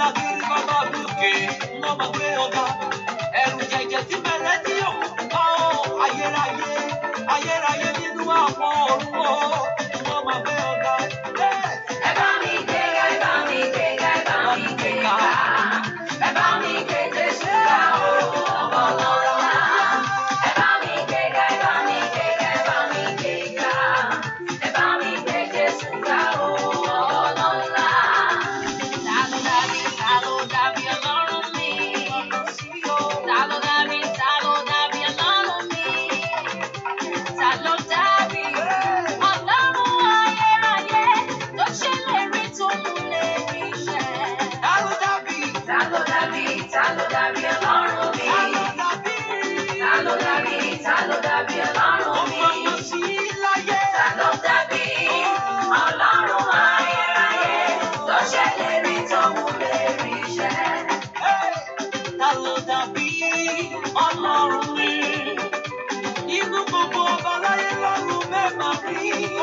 alágírí bàbá bùkè wọn máa gbé ọ̀gá ẹ̀rù jẹ̀jẹ̀ tí bẹ̀rẹ̀ tí òkú pa ọ́ ayérayé ayérayé nínú I'm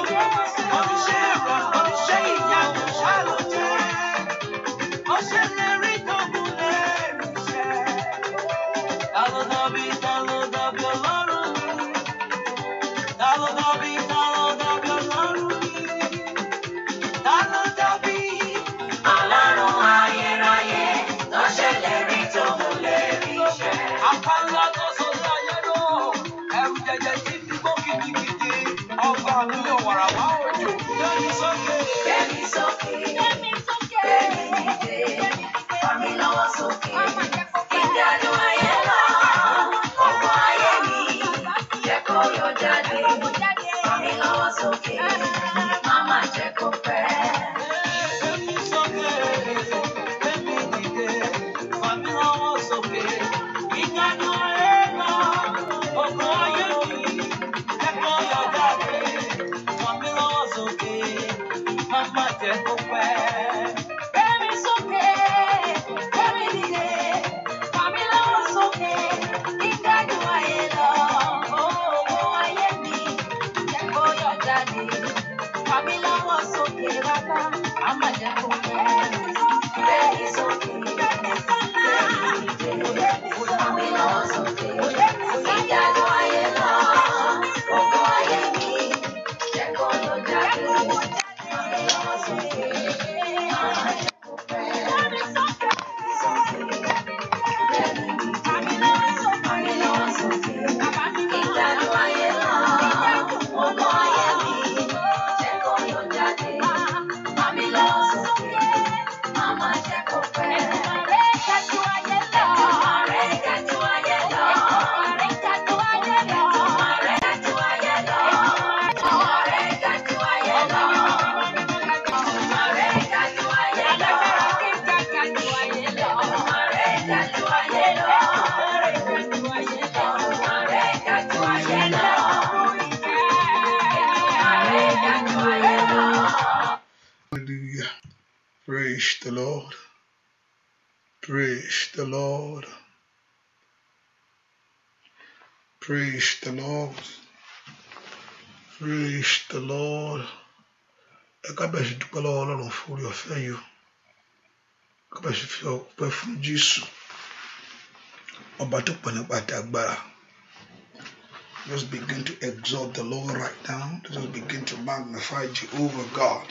Apalagos That is okay. That is okay. step away. fẹ́ yọ ká bá ṣe fi ọpẹ́ fún Jésù ọba tó pọ̀ nípa agbára just begin to exalt the Lord right now just begin to magnify the over God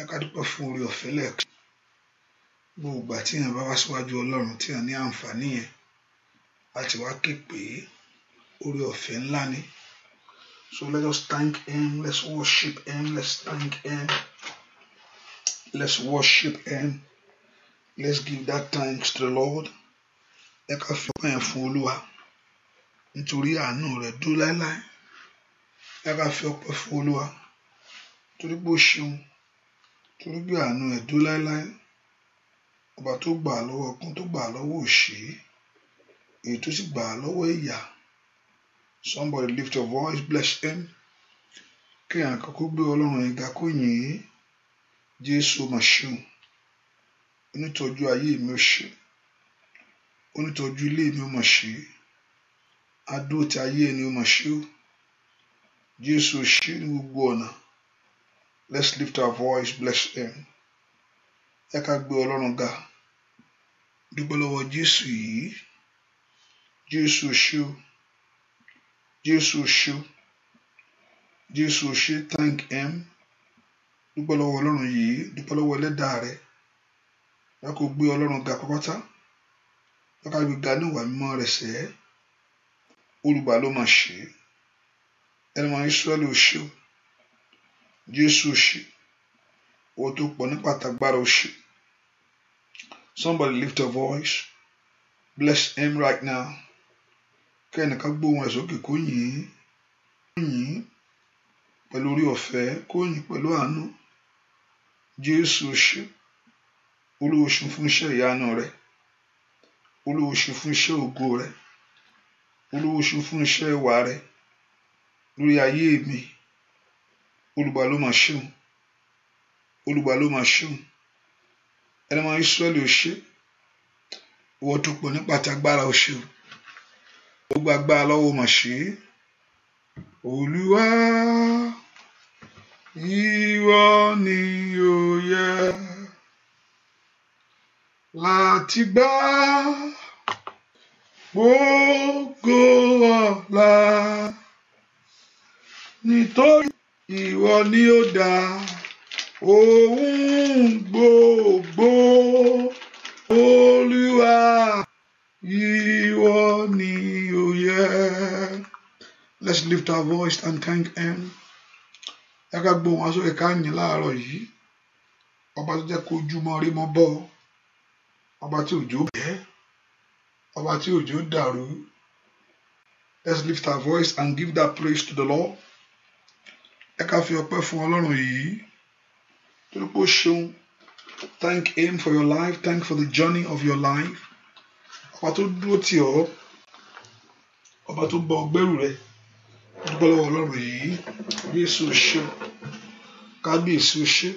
ẹ ká dúpẹ́ fún orí ọ̀fẹ́ lẹ́ẹ̀kan gbogbo ìgbà tí èèyàn bá wá síwájú Ọlọ́run tí èèyàn ní àǹfààní yẹn àti wá ké pé orí ọ̀fẹ́ ńlá ni so let us thank him let's worship him let's thank him. Let's worship Him. Let's give that thanks to the Lord. Ẹ ká fi ọpẹ́ yẹn fún Olúwa nítorí àánú rẹ̀ dúró láéláé. Ẹ ká fi ọpẹ́ fún Olúwa torí pé ó ṣeun torí pé àánú rẹ̀ dúró láéláé. Ọba tó gbà lọ́wọ́ ọkàn tó gbà lọ́wọ́ òṣì èyí tó sì gbà lọ́wọ́ ìyà. Somebody lift your voice bless him. Kí àkọ́kọ́ gbé Ọlọ́run ẹ̀ga kó yìn ín jésù mà ṣe o onítọ́jú ayé mi ò ṣe onítọ́jú ilé mi ò mà ṣe adó ti ayé ẹni ò mà ṣe o jésù ò ṣe ní gbogbo ọ̀nà let's lift our voice bless him ẹ ká gbé ọlọ́run ga dúpẹ́ lọ́wọ́ jésù yìí jésù ò ṣe o jésù ṣe o jésù ṣe thank him dúpẹ́ ọlọ́run yìí dúpẹ́ lọ́wọ́ rẹ wọn gbé ọlọ́run ga pápátá wọn gbé ga ní ìwà mímọ́ rẹ̀ sẹ́ olùgbà ló mà ṣe ẹni mọ Ísírẹ́lì òṣè Jésù òṣè owó tó pọ̀ ní pàtàgbára òṣè somebody lift a voice bless him right now kẹ́nìkan gbóhùn ẹ̀ sókè kó yìn ín pẹ̀lú orí ọ̀fẹ́ kó yìn pẹ̀lú àánú jésù ṣe olúwo ṣe fún iṣẹ́ ìyanu rẹ olúwo ṣe fún iṣẹ́ ògo rẹ olúwo ṣe fún iṣẹ́ ìwà rẹ lórí ayé mi olùgbà ló máa ṣeun olùgbà ló máa ṣeun ẹni máa Ísírẹ́lì ò ṣe ìwọ tó pọ̀ nípa ti agbára ò ṣe ó gba lọ́wọ́ máa ṣe olúwa ìwọ ni ó yẹ láti gbà gbogbo ọlá nítorí ìwọ ni ó dá ohun gbogbo olúwa ìwọ ni ó yẹ. Let's lift our voice and thank him ẹ ká gbóhùn wá sókè ká yìn láàárọ̀ yìí ọba tó jẹ́ kó ojúmọ́ rí mọ́ bọ́ ọba tí òjò bẹ́ ọba tí òjò dàrú let's lift our voice and give that praise to the Lord ẹ ká fi ọpẹ́ fún Ọlọ́run yìí torí pé ó ṣeun thank him for your life thank for the journey of your life ọba tó dúró tì ọ́ ọba tó bá ọ gbẹ́rù rẹ dúpẹ́ lọ́wọ́ ọlọ́run yìí jésù ṣe kábíyèsí ṣe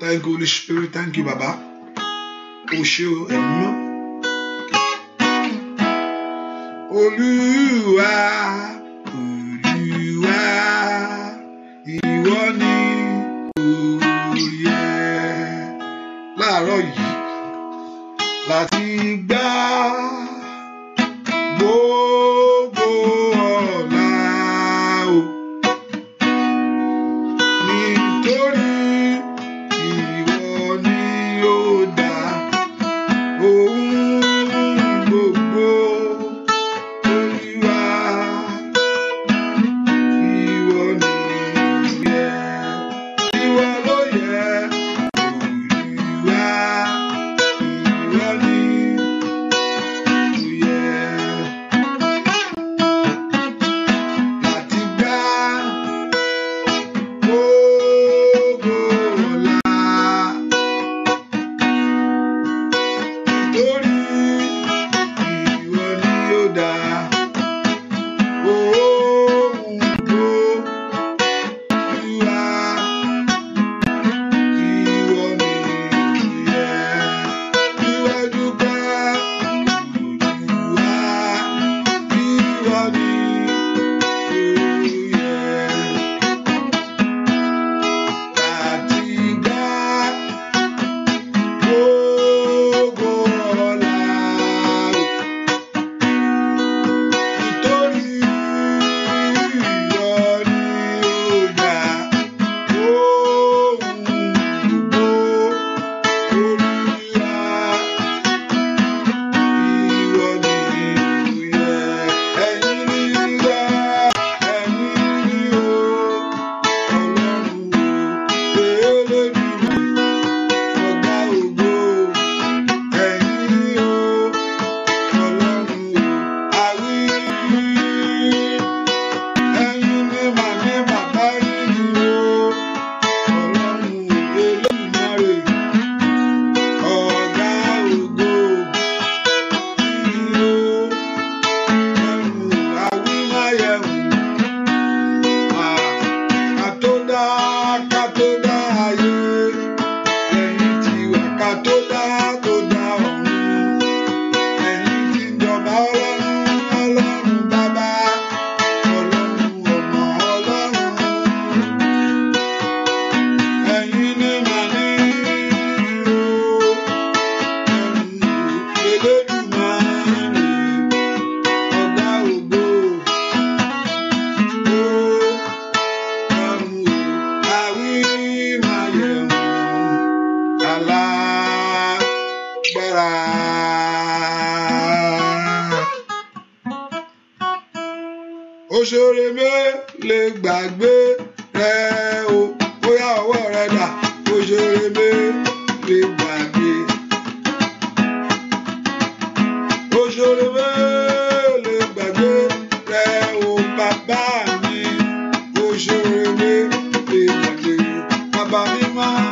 thank you holy spirit thank you baba o ṣe ẹ̀mí olúwa. woman.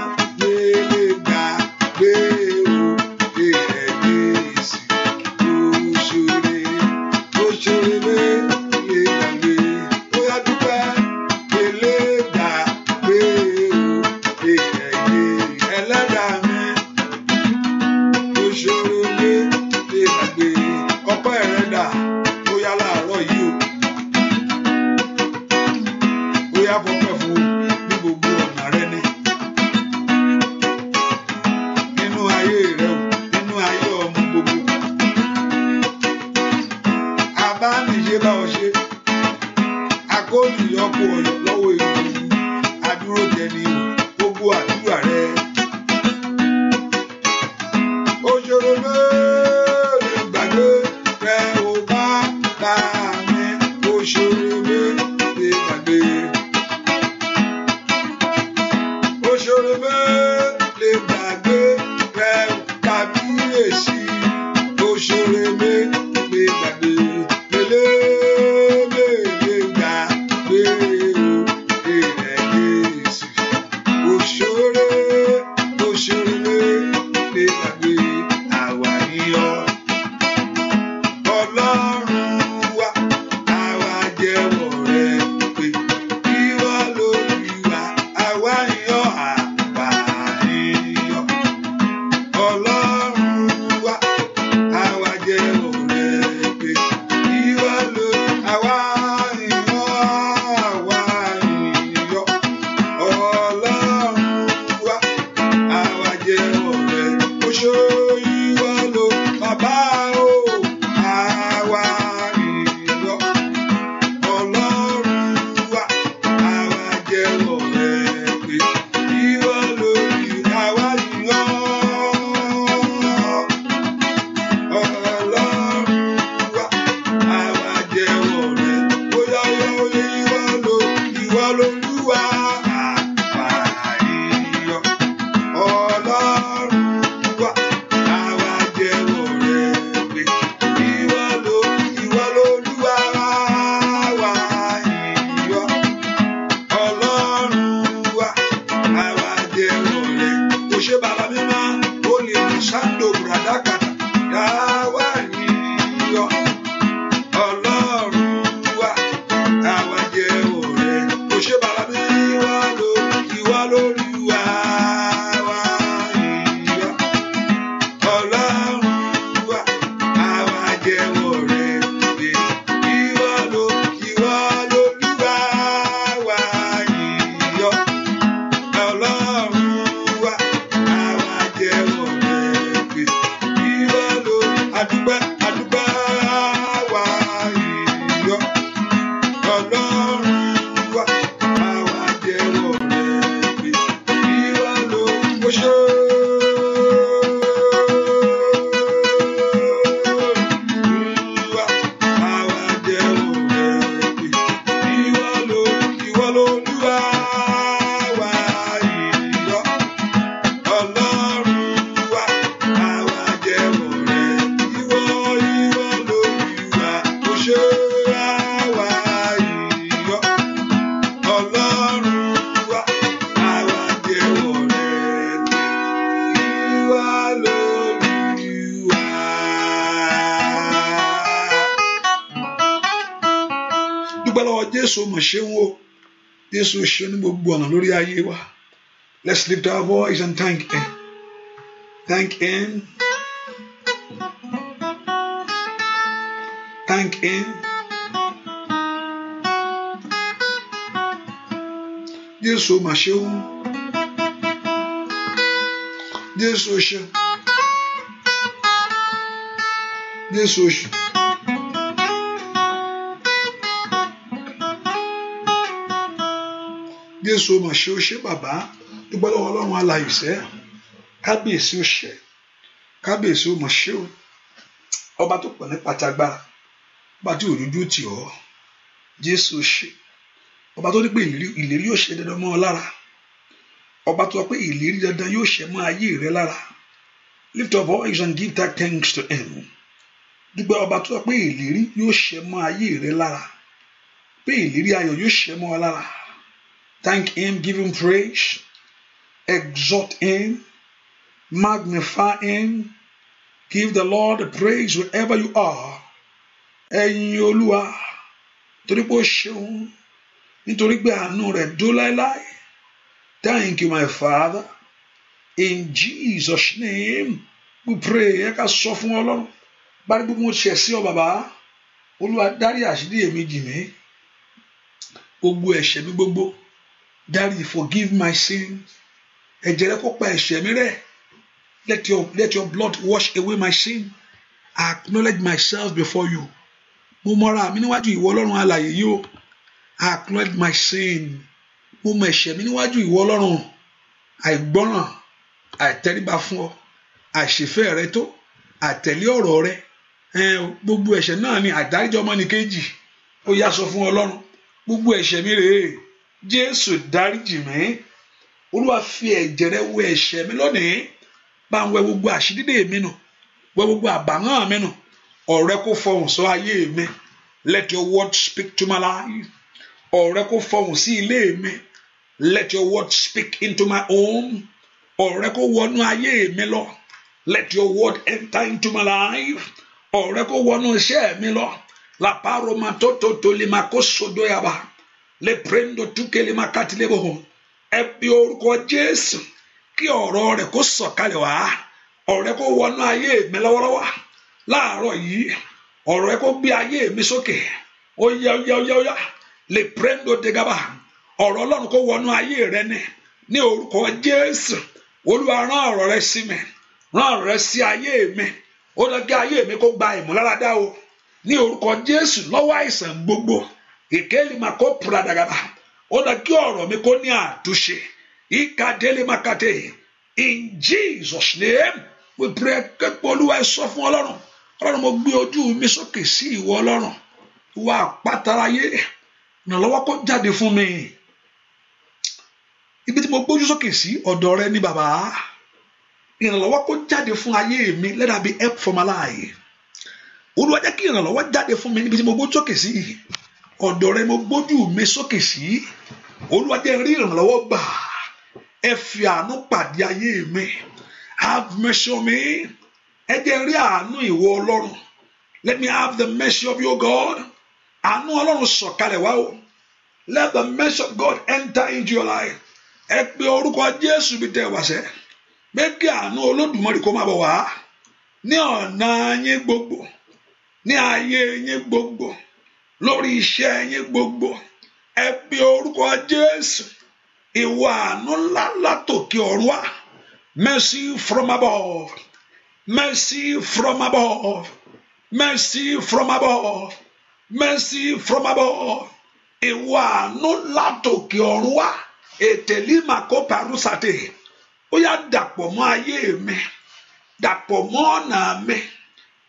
Jésù ṣe ní gbogbo ọ̀nà lórí ayé wa let's lift our voice and thank him thank him thank him. Jésù mà ṣeun Jésù ṣe Jésù ṣe. jésù mà ṣe ó ṣe bàbá dúpẹ́ lọ́wọ́ ọlọ́run alàyèsẹ́ kábíyèsí ó ṣẹ kábíyèsí ó mà ṣe ó ọba tó pọ̀ ní pàtàgbára ọba tí òrùjú tì ọ́ jésù ṣe ọba tó ní pé ìlérí yóò ṣe dandan mọ́ ọ lára ọba tó wá pé ìlérí dandan yóò ṣe mọ́ ayé rẹ lára lift up all hands and give that thanks to him dúpẹ́ ọba tó wá pé ìlérí yóò ṣe mọ́ ayé rẹ lára pé ìlérí ayọ̀ yóò ṣe mọ́ ọ lára Thank Him, give Him praise, exhort Him, magnify Him, give the Lord the praise wherever you are. Ẹyin Olúwa, torí pé ó ṣeun, nítorí pé àánú rẹ̀ dó láéláé. Thank you, my Father. In Jesus' name, we pray. Ẹ ká sọ fún Ọlọ́run. Bá ní gbogbo ṣẹ̀ sí ọ bàbá, Olúwa dárí àṣírí èmi jì mí. Gbogbo ẹ̀ṣẹ̀ mi gbogbo. Daddy, forgive my sins. Ẹ̀jẹ̀ rẹ kó pa ẹ̀ṣẹ̀ mi rẹ́. Let your, let your blood wash away my sin. I acknowledge myself before you. Mo mọra mi níwájú ìwọ Ọlọ́run alààyè yìí o. I acknowledge my sin. Mo mọ ẹ̀ṣẹ̀ mi níwájú ìwọ Ọlọ́run. Àìgbọ́ràn, àìtẹríba fún ọ, àìṣèfẹ́ rẹ tó, àtẹ̀lé ọ̀rọ̀ rẹ. Gbogbo ẹ̀ṣẹ̀ náà ni àdáríjọ́ ọmọnìkejì. Ó yá sọ fún Ọlọ́run. Gbogbo ẹ̀ṣẹ̀ mi rèé jésù dáríjì mí olúwa fi ẹ̀jẹ̀ rẹ wẹ ẹ̀ṣẹ̀ mi lónìí bá ń wẹ gbogbo àṣídídé mi nù wẹ gbogbo àbáhàn mi nù ọ̀rẹ́ kò fọhùn sọ ayé mi let your word speak to my life ọ̀rẹ́ kò fọhùn sí ilé mi let your word speak into my home ọ̀rẹ́ kò wọnú ayé mi lọ let your word enter into my life ọ̀rẹ́ kò wọnú iṣẹ́ mi lọ làpárò máa tó tó tó lè máa kó sodo yaba lè prendo túkẹ́ lè máa káàtì lè bòhùn ẹ bí orúkọ jésù kí ọ̀rọ̀ rẹ̀ kó sọ̀kalẹ̀ wá ọ̀rọ̀ rẹ̀ kó wọnú ayé mi lọ́wọ́lọ́wọ́ láàárọ̀ yìí ọ̀rọ̀ rẹ̀ gbé ayé mi sókè ó yá ó yá ó yá ó yá lè prendo degaba ọ̀rọ̀ ọlọ́run kó wọnú ayé rẹ ni ní orúkọ jésù olúwa rán ọ̀rọ̀ rẹ sí mi rán ọ̀rọ̀ rẹ sí ayé mi ó lọ kí ayé mi kó gba ìmúláradá o ní orúkọ jésù lọ́wọ́ àìsàn gbogbo ìkéèlì máa kó pradàgàbà ó lọ kí ọ̀rọ̀ mi kó ní àtúnṣe ìka délé máa kàtẹ in Jesus name we pray képo olúwa ẹ sọ fún ọlọ́run ọlọ́run mo gbé ojú mi sókè sí ìwọ ọlọ́run ìwọ àpátaráyé ìrànlọ́wọ́ kó jáde fún mi ibi tí mo gbójú sókè sí ọ̀dọ̀ rẹ ní bàbá ìrànlọ́wọ́ kó jáde fún ayé mi let that be help for my life olúwa jẹ́ kí ìrànlọ́wọ́ jáde fún mi níbi tí mo gbójú sókè sí ọ̀dọ̀ rẹ mo gbójú mi sókè sí olúwa jẹ́ rí ìrànlọ́wọ́ gbà ẹ fi àánú pàdé ayé mi have mercy on me ẹ jẹ́ rí àánú ìwọ ọlọ́run let me have the mercy of your God àánú ọlọ́run sọ̀kalẹ̀ wá o let the mercy of God enter into your life ẹ pe orúkọ jésù bí tẹ wá sẹ́ méjì àánú olódùmarè kó máa bọ̀ wá ní ọ̀nà yín gbogbo ní ayé yín gbogbo lórí iṣẹ́ yín gbogbo ẹ pe orúkọ Jésù ìwà àánú ńlá látòkè ọ̀run wá mercy from above mercy from above mercy from above mercy from above ìwà àánú látòkè ọ̀run wá ètèlí màkó parúsàtè ó yá dàpọ̀ mọ́ ayé mi dàpọ̀ mọ́ ọ̀nà mi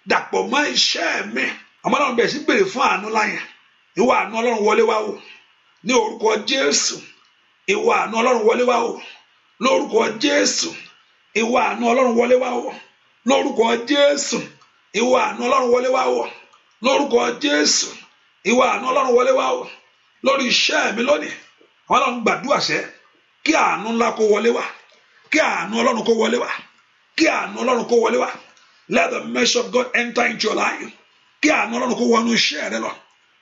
dàpọ̀ mọ́ iṣẹ́ mi àmọ́ náà bẹ̀rẹ̀ sí béèrè fún àánú láyà ìwà àánú ọlọ́run wọlé wá o ní orúkọ jésù ìwà àánú ọlọ́run wọlé wá o lórúkọ jésù ìwà àánú ọlọ́run wọlé wá o lórúkọ jésù ìwà àánú ọlọ́run wọlé wá o lórúkọ jésù ìwà àánú ọlọ́run wọlé wá o lórí iṣẹ́ mi lónìí àwọn ọlọ́run gbàdúrà sẹ́ kí àánú ńlá kó wọlé wá kí àánú ọlọ́run kó wọlé wá kí àánú ọlọ́run kó wọlé wá let the mercy of God enter into your life kí àánú ọlọ́run kó wọnú iṣẹ́ rẹ lọ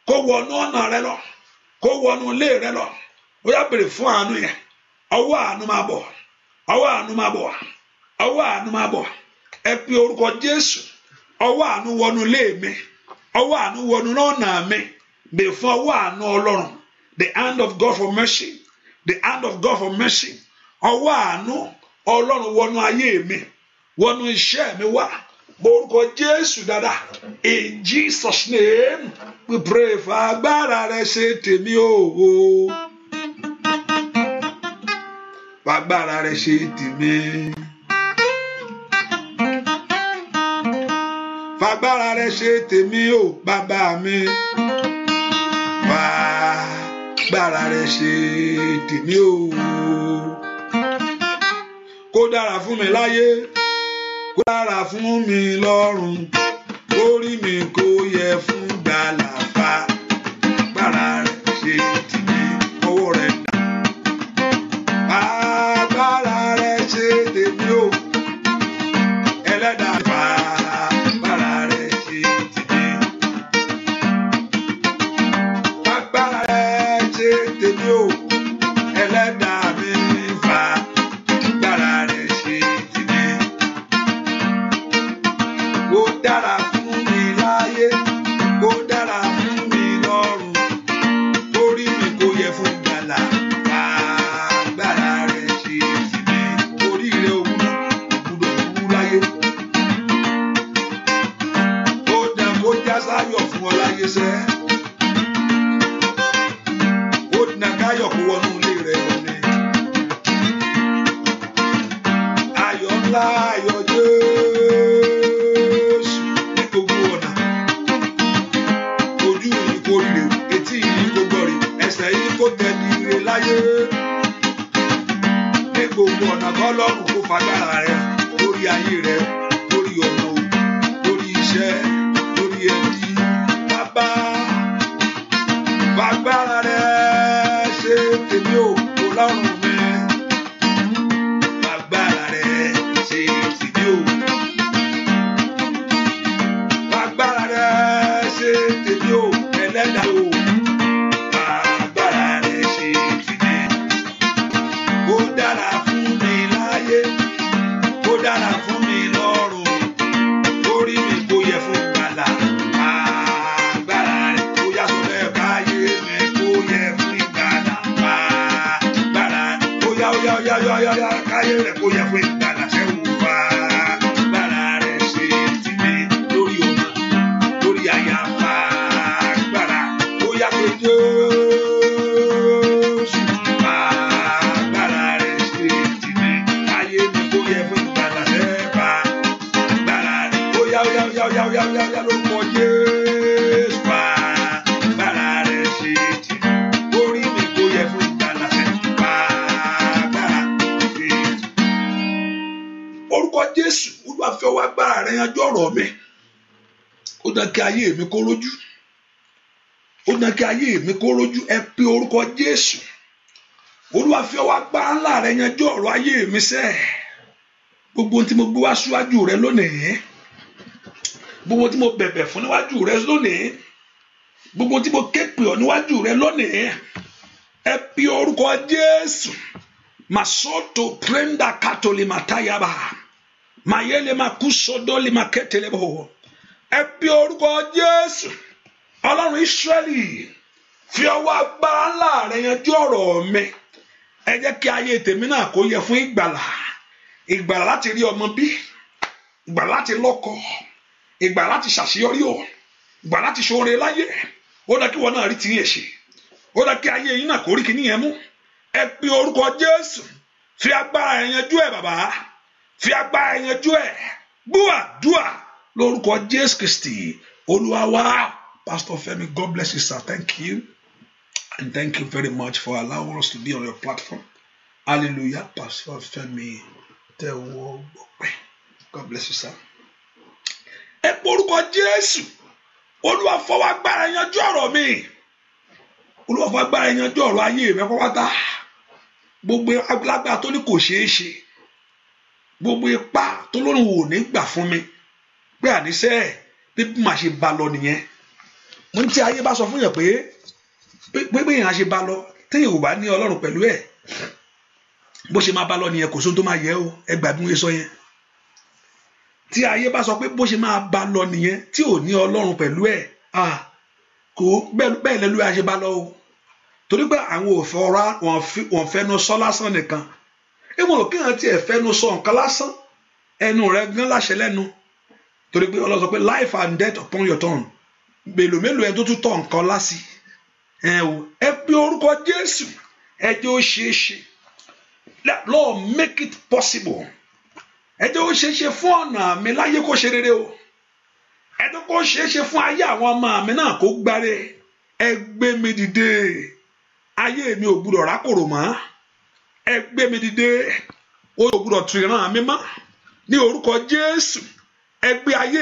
kó wọnú ọ̀nà rẹ lọ kó wọnú ilé rẹ lọ ó yá béèrè fún àánú yẹn ọwọ́ àánú máa bọ̀ ọwọ́ àánú máa bọ̀ ọwọ́ àánú máa bọ̀ ẹ pe orúkọ Jésù ọwọ́ àánú wọnú ilé mi ọwọ́ àánú wọnú ọ̀nà mi bè fún ọwọ́ àánú ọlọ́run the hand of God for mercy the hand of God for mercy ọwọ́ àánú ọlọ́run wọnú ayé mi wọnú iṣẹ́ mi wá. Borúkọ Jésù dada. In Jesus name we pray for agbára rẹ ṣe tèmi o. Fagbára rẹ ṣe tèmi. Fagbára rẹ ṣe tèmi o bàbá mi. Fagbára rẹ ṣe tèmi o. Kó dára fún mi láyé kó dára fún mi lọ́rùn orí mi kò yẹ fún gbàlàfà gbàrà rẹ̀ ṣe dì. yanjú ọ̀rọ̀ ayé mi sẹ́ gbogbo tí mo gbé wá síwájú rẹ lónìí gbogbo tí mo bẹ̀bẹ̀ fún níwájú rẹ lónìí gbogbo tí mo képe ọ níwájú rẹ lónìí ẹ pe orúkọ Jésù masoto prenda katoli matayaba mayele makusodoli maketelebo ẹ pe orúkọ Jésù Ọlọ́run Ísírẹ́lì fi ọwọ́ agbára ńlá rẹ yanjú ọ̀rọ̀ mi ẹ jẹ́ kí ayé tèmi náà kó yẹ fún ìgbàlà ìgbàlà láti rí ọmọ bí ìgbàlà láti lọ́kọ ìgbàlà láti ṣàṣeyọrí o ìgbàlà láti ṣoore láyé ó dá kí wọn náà rí tìyẹn ṣe ó dá kí ayé yín náà kó rí kíní yẹn mú ẹ pe orúkọ Jésù fi agbára ẹ yanjú ẹ bàbá fi agbára ẹ yanjú ẹ gbúà dúà lórúkọ Jésù Kristi Olúwa wa Pastor Femi God bless you sir thank you. And thank you very much for allowing us to be on your platform. Hallelujah. Pastor Femi Tewogbope. God bless you, sir. Ẹ porúkọ Jésù, Olúwa agbára yanjú ọ̀rọ̀ mi. Olúwa agbára yanjú ọ̀rọ̀ ayé mi pátápátá. Gbogbo agbára tó ní kò ṣeé ṣe. Gbogbo ipá tó lóun ò ní gbà fún mi. Pé àníṣe bí màá ṣe bá lọ nìyẹn. Mo ní tí ayé bá sọ fún yàn pé pé èèyàn á ṣe bá lọ téèyàn ò bá ní ọlọ́run pẹ̀lú ẹ̀ bó ṣe máa bá lọ nìyẹn kò sóhun tó máa yẹ o ẹ gbàgbọ́n yẹn sọ yẹn tí ayé bá sọ pé bó ṣe máa bá lọ nìyẹn tí ò ní ọlọ́run pẹ̀lú ẹ̀ kò bẹ́ẹ̀ lẹ́lú ẹ̀ á ṣe bá lọ o torí pé àwọn òfin ọ̀rá wọn fẹ́nu sọ lásán nìkan ìmọ̀ kí hàn tiẹ̀ fẹ́nu sọ nǹkan lásán ẹnu rẹ gán láṣẹ lẹ́nu torí pé ọlọ́run sọ pé life and death upon your tongue mélòó mélòó ẹ tó tún tọ̀ nǹkan lásì ẹ o pe orúkọ Jésù ẹ jẹ́ ó é ṣe make it possible ẹ jẹ́ ó é ṣe fún ọ̀nà mi láyé kó ṣe rere o ẹ jẹ́ kó ṣe fún ayé àwọn ọmọ àmì náà kó gbáre ẹ gbé mi dìde ayé mi ò gbúdọ̀ rákòrò mọ́ ẹ gbé mi dìde ó gbúdọ̀ tún ìran mọ́ ní orúkọ Jésù ẹ gbé ayé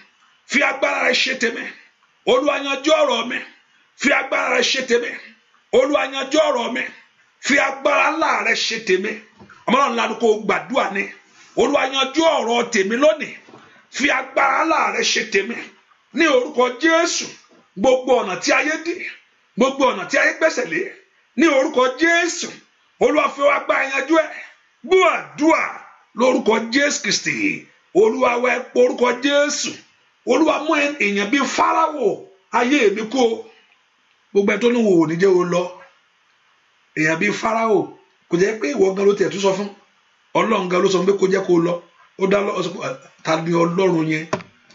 fi agbára rẹ ṣe tèmi olúwa mi fi agbára rẹ ṣe tèmi olúwa mi fi agbára ńlá rẹ ṣe lanu kò gbàdúrà ni ọ̀rọ̀ lónìí fi agbára ńlá rẹ ṣe ní orúkọ jésù gbogbo ọ̀nà tí gbogbo ọ̀nà tí ayé lé ní orúkọ jésù ẹ kristi orúkọ jésù. olúwa mú èèyàn bíi fáráwò ayé mi kó gbogbo ẹ tó ní wò ní jẹ́ o lọ èèyàn bíi fáráwò kò jẹ́ pé ìwọ gan ló tiẹ̀ tún sọ fún ọlọ́run gan ló sọ pé kó jẹ́ kó lọ ó dá tàbí ọlọ́run yẹn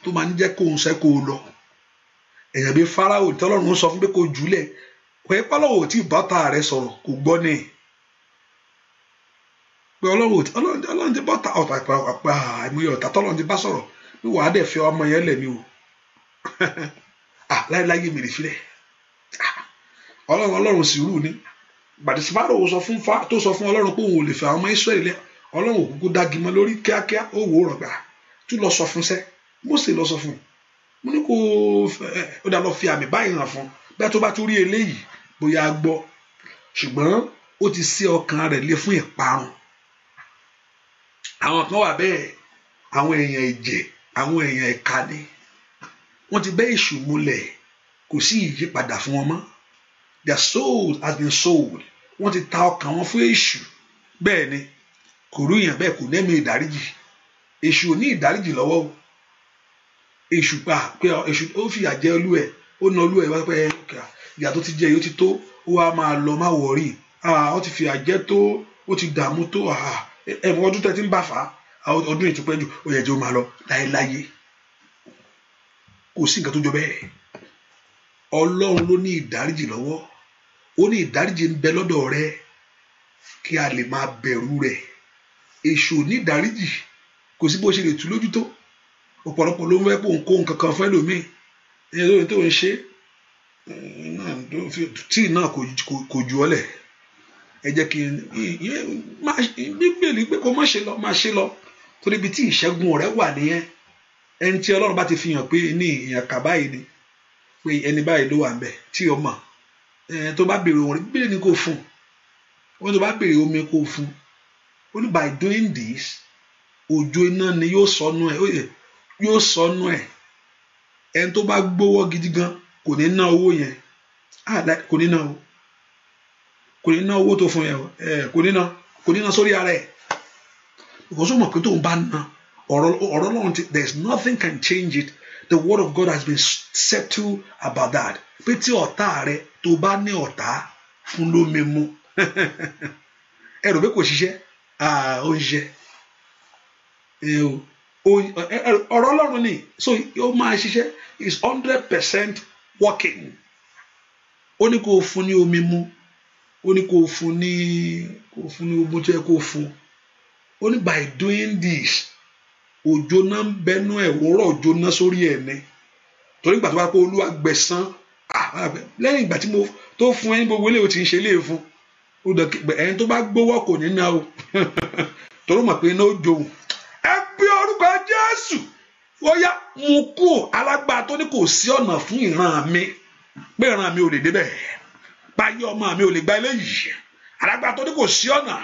tó máa ń jẹ́ kó ń sẹ́ kó lọ èèyàn bíi fáráwò tọ́lọ́run sọ fún pé kó jùlẹ̀ pé pọ́lọ́wọ́ tí bọ́tà rẹ sọ̀rọ̀ kò gbọ́ ní pé ọlọ́run ti bọ́tà ọ̀tà àìmọye ọ̀tà tọ́lọ́run ti bá sọ̀rọ̀ ìwà á dẹ̀ fẹ́ ọmọ yẹn lẹ̀ mí o ah láyéláyé mi lè filẹ̀ ah, ọlọ́run ọlọ́run sì rú ni gbàdísípárò sọ fún fa tó sọ fún ọlọ́run pé òun ò lè fẹ́ àwọn ọmọ Ísírẹ́lì lẹ̀ ọlọ́run òkúkú dági mọ́ lórí kíákíá ó wò ó rọ̀gbà ah, tún lọ sọ fún sẹ́ Mósè lọ sọ fún mo ní kó eh, ó dá lọ fi àmì báyìí hàn fún bẹ́ẹ̀ tó bá tún rí eléyìí bóyá a gbọ́ ṣùgbọ́n ó ti sí ọkàn rẹ̀ lé fún ìparun àwọn kan wà bẹ́ẹ̀ àwọn èèyàn ìjẹ́ àwọn èèyàn ẹ̀ka ni wọ́n ti bẹ́ èṣù múlẹ̀ kò sí ìyípadà fún wọn mọ́ their soul has been sold wọ́n ti ta ọkàn wọn fún èṣù bẹ́ẹ̀ ni kò rí èèyàn bẹ́ẹ̀ kò nẹ́mi ìdáríjì èṣù ò ní ìdáríjì lọ́wọ́ o èṣù pa pé èṣù ó fìyà jẹ olú ẹ̀ ó na olú ẹ̀ wá pé ìyà tó ti jẹ yìí ó ti tó ó wá máa lọ má wọ̀ọ́rì ah, ó ti fìyà jẹ tó ó ti dààmú tó ah, ẹ̀wọ̀n ọdún tẹ́ ń bà fà ọdún ìtúpẹ́ jù ó yẹ jẹ́ ó máa lọ láéláyé kò sí nǹkan tó jọ bẹ́ẹ̀ ọlọ́run ló ní ìdáríjì lọ́wọ́ ó ní ìdáríjì ń bẹ lọ́dọ̀ rẹ kí a lè máa bẹ̀rù rẹ̀ èṣù ní ìdáríjì kò sí bó ṣe lè tú lójú tó ọ̀pọ̀lọpọ̀ ló ń fẹ́ kó ń nǹkan kan fẹ́ lómi ìyẹn lóyún tó ń ṣe tíì náà kò ju ọlẹ̀ ẹ jẹ́ kí n bíbélì pé kó má ṣe lọ má ṣe lọ torí ibi tí ìṣẹ́gun rẹ wà nìyẹn ẹni tí ọlọ́run bá ti fi hàn pé ní èèyàn kà báyìí ni pé ẹni báyìí ló wà ń bẹ̀ tí o mọ̀ ẹ̀ tó bá béèrè òun rí ni kò fún wọn tó bá béèrè omi kò fún ó ní by doing this òjò iná ni yóò sọnù ẹ yóò sọnù ẹ ẹni tó bá gbówó gidi gan kò ní ná owó yẹn kò ní ná owó tó fún yẹn kò ní ná sórí ara ẹ̀ because ó mọ̀ pé tóun bá na ọ̀rọ̀ ọ̀rọ̀ ti there is nothing can change it the word of God has been settled about that pé tí ọ̀tá rẹ tó bá ní ọ̀tá fún lómi mu ẹ rò pé kò ṣiṣẹ́ ó ń ṣe ọ̀rọ̀ ọlọ́run ni so ó máa ṣiṣẹ́ is hundred percent working ó ní kó o fún ní omi mu ó ní kó o fún ní kó o fún ní ogun tó yẹ kó o fún ó ní by doing this òjò náà ń bẹnu ẹ̀ òwúrọ̀ òjò náà sórí ẹ̀ ni torí ìgbà tó bá pé olúwa gbẹ̀san lẹ́yìn ìgbà tí mo tó fún ẹ ní gbogbo eléyìí ó ti ń ṣe eléyìí fún ẹni tó bá gbowó kò ní náà o torí mọ̀ pé iná ó jòun ẹ gbé orúkọ Jésù ó yá mú kú alágbára tó ní kò sí ọ̀nà fún ìran mi pé ìran mi ò lè débẹ̀ báyọ̀ ọmọ mi ò lè gba eléyìí alágbára tó ní kò sí ọ̀nà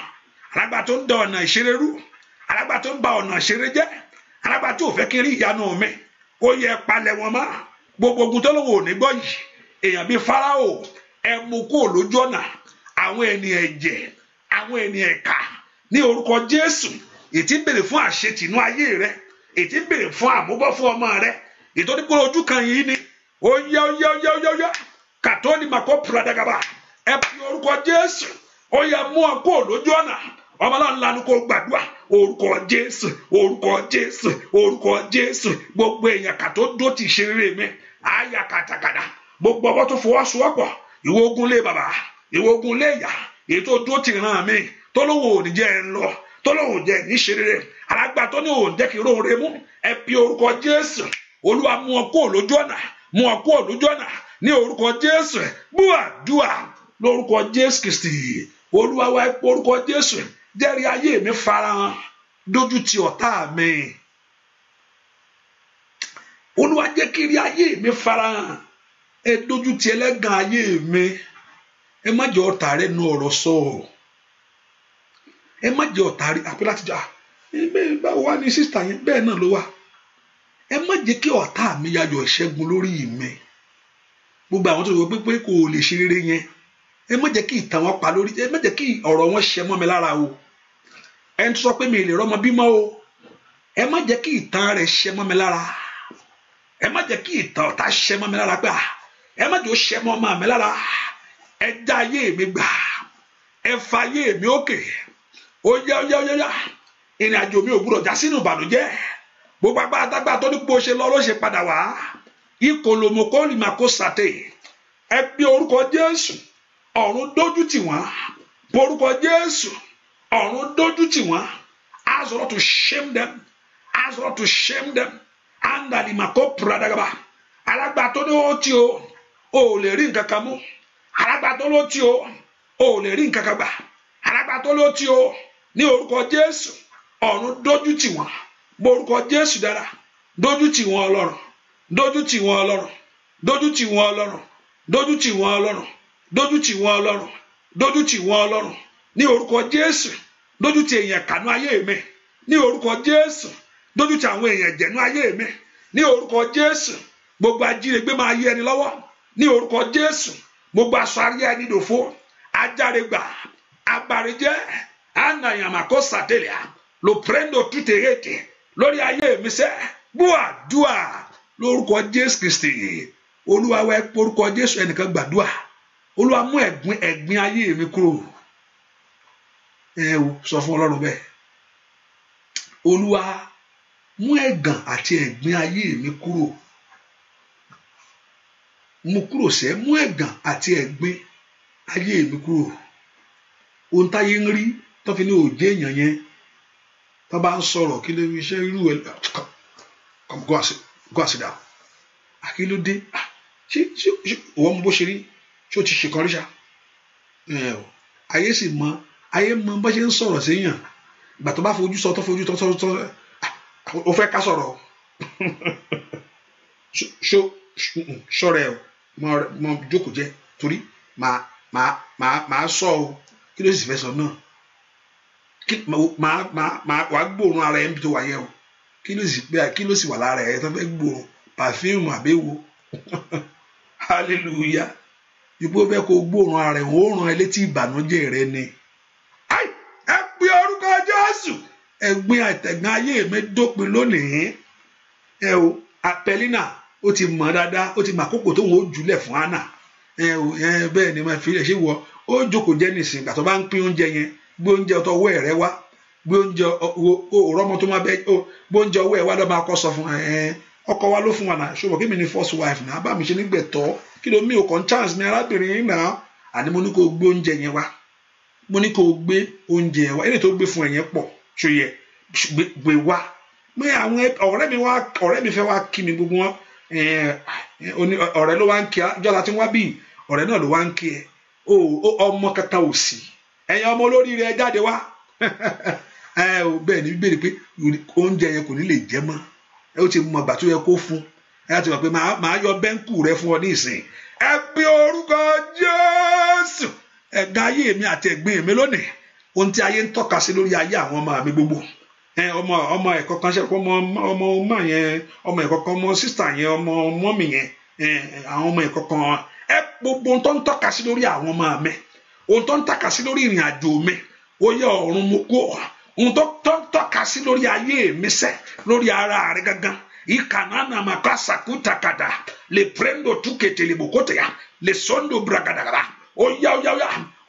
alágbà tó ń da ọ̀nà ìṣeré rú alágbà tó ń ba ọ̀nà ìṣeré jẹ́ alágbà tó fẹ́ kí n rí mi ó yẹ wọn mọ́ gbogbo ogun tó lóun ò ní gbọ́ yìí èèyàn bíi Fáráò ẹ mú kó lójú ọ̀nà àwọn ènìyàn ẹ̀jẹ̀ àwọn ènìyàn ẹ̀ka ní orúkọ Jésù ètí ń bèrè fún àṣetìnú ayé rẹ ètí ń bèrè fún àmúbọ́ fún ọmọ rẹ ìtọ́jú pé ojú kan yìí ni ó yá ó yá ó kàtó ni màkó pradagaba ẹ pe orúkọ Jésù ó yẹ mú ọ kó lójú ọmọlọ́run lanu kó gbàdúrà orúkọ jésù orúkọ jésù orúkọ jésù gbogbo èèyàn kà tó dó ti ṣe rere mi àyà kàtàkàtà gbogbo ọwọ́ tó fọwọ́sowọ́pọ̀ ìwọ ogun lé bàbá ìwọ ogun lé ìyá èyí tó dó ti ràn mí tó lóun ò ní jẹ́ ẹ ń lọ tó lóun jẹ́ ní ṣe rere alágbá tó ní òun jẹ́ kí róore mú ẹ pe orúkọ jésù olúwa mú ọ kúrò ọ̀nà mú ọ kúrò ọ̀nà ní orúkọ jésù gbúwàdúà lórúkọ jésù kristi olúwa wa ẹ pe orúkọ jésù jẹ́rìí ayé mi farahàn dójú ti ọ̀tá mi olúwa jẹ́ kí rí ayé mi farahàn ẹ dójú ti ẹlẹ́gàn ayé mi ẹ má jẹ́ ọ̀tá rẹ nu ọ̀rọ̀ sọ ẹ má jẹ́ ọ̀tá rẹ àpẹ láti jà ah, báwo wá ní sísítà yẹn bẹ́ẹ̀ náà ló wà ẹ má jẹ́ kí ọ̀tá mi yayọ̀ ìṣẹ́gun lórí mi gbogbo àwọn tó sọ pé pé kò lè ṣe rere yẹn ẹ má jẹ́ kí ìtàn wọn pa lórí ẹ má jẹ́ kí ọ̀rọ̀ wọn ṣẹ mọ́ mi lára o ẹ ń sọ pé mi lè rọmọ bímọ o ẹ má jẹ́ kí ìtàn rẹ̀ ṣẹ mọ́ mi lára ẹ má jẹ́ kí ìtàn ọ̀tá ṣẹ mọ́ mi lára gbà ẹ má jẹ́ ó ṣẹ mọ́ ọmọ mi lára ẹ já ayé mi gbà ẹ fa ayé mi òkè ó yá ó yá ó yá ìrìn àjò mi ò gbúdọ̀ já sínú ìbànújẹ́ gbogbo agbára tágbà tó ní bó ṣe lọ ló ṣe padà wá ìkòlòmọkò lìmàkó sàté ẹ bí orúkọ Jésù ọ̀run dójú tì wọ́n borúkọ Jésù ọ̀run dójú tì wọ́n ask God to shame them ask God to shame them andali mako pradagaba alágbà tó ní ti o ò lè rí nǹkan kan mú alágbà tó ti o ò lè rí nǹkan kan gbà alágbà tó ló ti o ní orúkọ Jésù ọ̀run dójú tì wọ́n borúkọ Jésù dára dójú tì wọ́n Ọlọ́run dójú tì wọ́n Ọlọ́run dójú tì wọ́n Ọlọ́run dójú tì wọ́n Ọlọ́run dójú tì wọ́n Ọlọ́run dójú tì wọ́n Ọlọ́run ní orúkọ Jésù dójú ti èèyàn kànú ayé mi ní orúkọ jésù dójú ti àwọn èèyàn jẹ̀nú ayé mi ní orúkọ jésù gbogbo ajínigbé máa yí ẹni lọ́wọ́ ní orúkọ jésù gbogbo aṣọ arí ẹni dòfo ajáregbà abarijẹ anayamako satelia lo prendo tuterete lórí ayé mi sẹ gbúàdúà lórúkọ jésù kristi olúwa wẹ orúkọ jésù ẹnìkan gbàdúà olúwa mú ẹ̀gbin ẹ̀gbin ayé mi kúrò ẹ o sọ fún ọlọ́run bẹ́ẹ̀ olúwa mú ẹ̀gàn àti ẹ̀gbin ayé mi kúrò mú kúrò sẹ́ mú ẹ̀gàn àti ẹ̀gbin ayé mi kúrò ohun táyé ń rí tó fi ní òjé èèyàn yẹn tó bá ń sọ̀rọ̀ kí ló iṣẹ́ irú ẹ̀ go àṣìdá àkílódé ṣé ṣé òwò ọmọ bó ṣe rí ṣé o ti ṣèkọrí ṣá ayé sì mọ ayé mọ bó ṣe ń sọ̀rọ̀ séèyàn ìgbà tó bá fojú sọ tó fojú tó tó o fẹ́ ká sọ̀rọ̀ mm, ṣọ́rẹ́ o mọ jókòó jẹ́ torí màá màá màá màá sọ o kí ló sì fẹ́ sọ náà kí màá màá màá wàá gbóòórùn ara ẹ̀ níbi tó wà yẹ o kí ló sì pé kí ló sì wà lára ẹ̀ tó fẹ́ gbóòórùn pàfíìmù àbẹ́wò hallelujah ìgbó fẹ́ kó gbóòórùn ara ẹ̀ òórùn ẹ létí ìbànújẹ́ rẹ ni. ẹ̀gbin àtẹ̀gbin ayé mi dópin lónìí ẹ o apẹlínà ó ti mọ̀ dáadáa ó ti mọ̀ àkókò tó wo jùlẹ̀ fún ana ẹ o ẹ bẹ́ẹ̀ ni mo fi lè ṣe wọ ó jókòó jẹ́ nìsín ìgbà tó bá ń pín oúnjẹ yẹn gbé oúnjẹ ọtọ owó ẹ̀rẹ́ wá gbé oúnjẹ òrọ́mọ tó má bẹ́ gbé oúnjẹ owó ẹ̀ wá lọ́ọ́ máa kọ́ sọ wa ló fún wa náà ṣùgbọ́n kí mi ni first wife náà bá mi ṣe nígbẹ̀tọ́ kí ló mi ò kàn chance mi arábìnrin náà àní mo ní gbé oúnjẹ yẹn wá mo ní gbé oúnjẹ yẹn wá tó gbé fún ẹ yẹn pọ̀ ṣó yẹ gbé wá mẹ àwọn ọ̀rẹ́ mi wá ọ̀rẹ́ mi fẹ́ wá kí mi gbogbo wọn ọ̀rẹ́ ló wá ń kí ẹ jọlá tí wọn bí ọ̀rẹ́ náà ló wá ń kí ẹ o ọmọ kẹta ò sí ẹ̀yin ọmọ olóríire ẹ jáde wá ẹ o bẹ́ẹ̀ ni bíbélì pé oúnjẹ yẹn kò ní lè jẹ mọ́ ẹ ó ti mọ àgbà tó yẹ kó fún ẹ láti mọ̀ pé màá yọ bẹ́ńkù rẹ fún ọ ní ìsìn ẹ pe orúkọ Jésù ẹ̀ka ayé mi àti ẹ̀gbìn mi lónìí. ohun tí ayé ń tọ́ka sí lórí ayé àwọn ọmọ mi gbogbo ọmọ ọmọ ẹ̀kọ́ kan ṣe ọmọ ọmọ ọmọ yẹn ọmọ ẹ̀kọ́ kan ọmọ sísà yẹn ọmọ ọmọ mi yẹn àwọn ọmọ ẹ̀kọ́ kan ẹ gbogbo ohun tó ń tọ́ka sí lórí àwọn ọmọ mi ohun tó ń tọ́ka sí lórí ìrìn àjò mi ó yẹ ọ̀run mo kó ohun tó ń tọ́ka sí lórí ayé mi sẹ́ lórí ara rẹ gangan ikanana makasa kutakada le prendo tukete le bokote ya le sondo bragadagada ó yá ó yá ó yá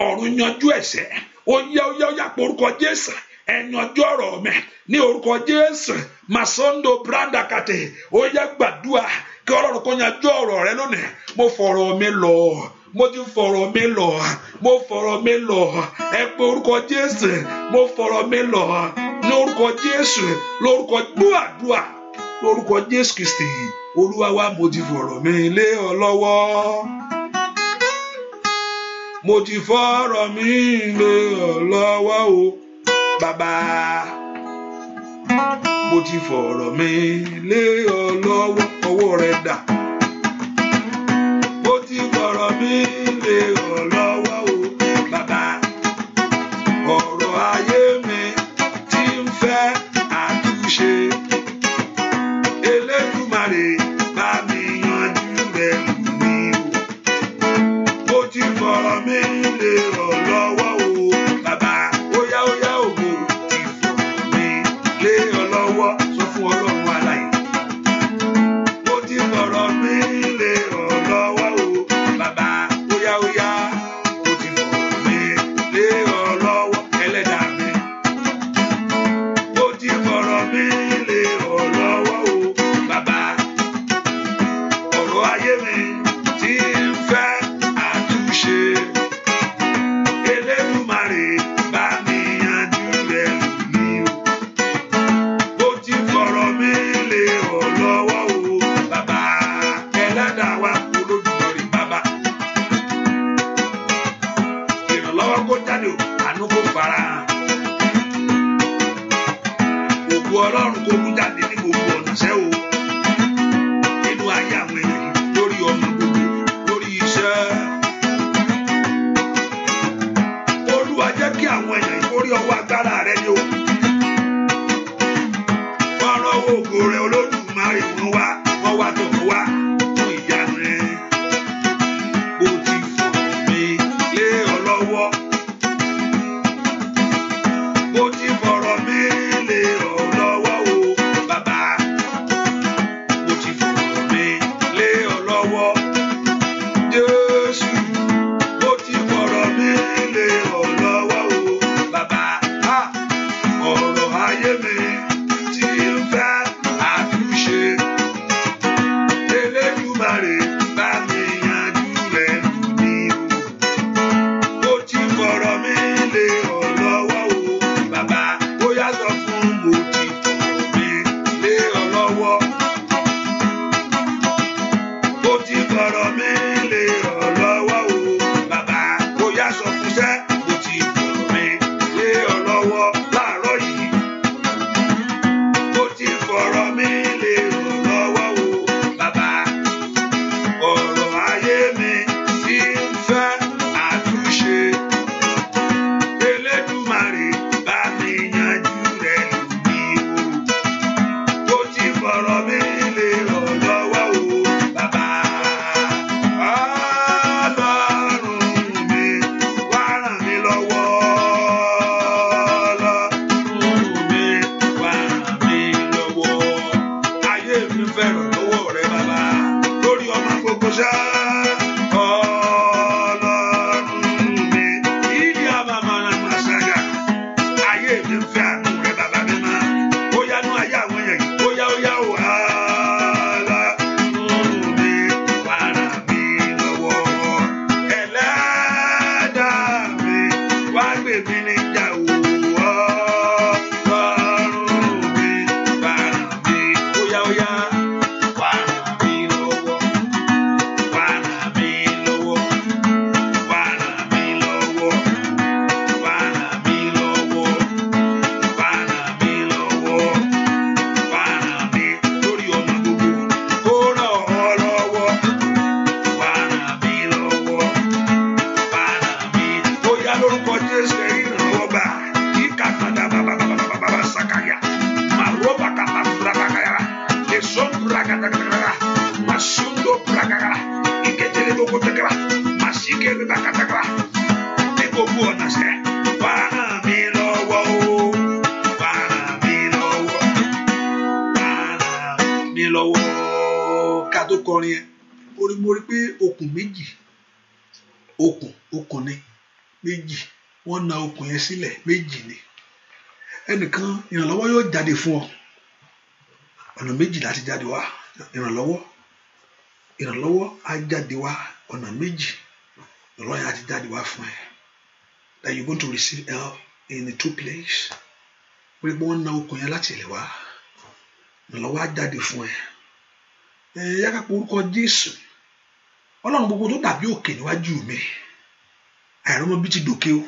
ọ̀run yanjú ẹ̀ṣẹ̀ ó yá ó yá ó yá pé orúkọ jésù ẹni ọjọ́ ọ̀rọ̀ mi ní orúkọ jésù masondo branda kàtẹ ó yá gbàdúrà kí ọlọ́run kó yanjú ọ̀rọ̀ rẹ lónìí mo fọ̀rọ̀ mi lọ mo ti fọ̀rọ̀ mi lọ mo fọ̀rọ̀ mi lọ ẹ pé orúkọ jésù mo fọ̀rọ̀ mi lọ ní orúkọ jésù lórúkọ dúàdúà lórúkọ jésù kristi olúwa wa mo ti fọ̀rọ̀ mi lé ọ lọ́wọ́ mo ti fọ́rọ̀ mi lé ọ lọ́wọ́ o bàbá mo ti fọ̀rọ̀ mi lé ọ lọ́wọ́ ọwọ́ rẹ dà mo ti fọ̀rọ̀ mi lé ọ lọ́wọ́ o bàbá ọ̀rọ̀ ayé mi ti ń fẹ́ àtúnṣe. baby. receive in the two place pé wọ́n ń na okùn yẹn láti lè wá lọ́wọ́ á jáde fún ẹ yàgà pé orúkọ Jésù Ọlọ́run gbogbo tó dàbí òkè níwájú mi àìrọ́mọ bí ti dòkè o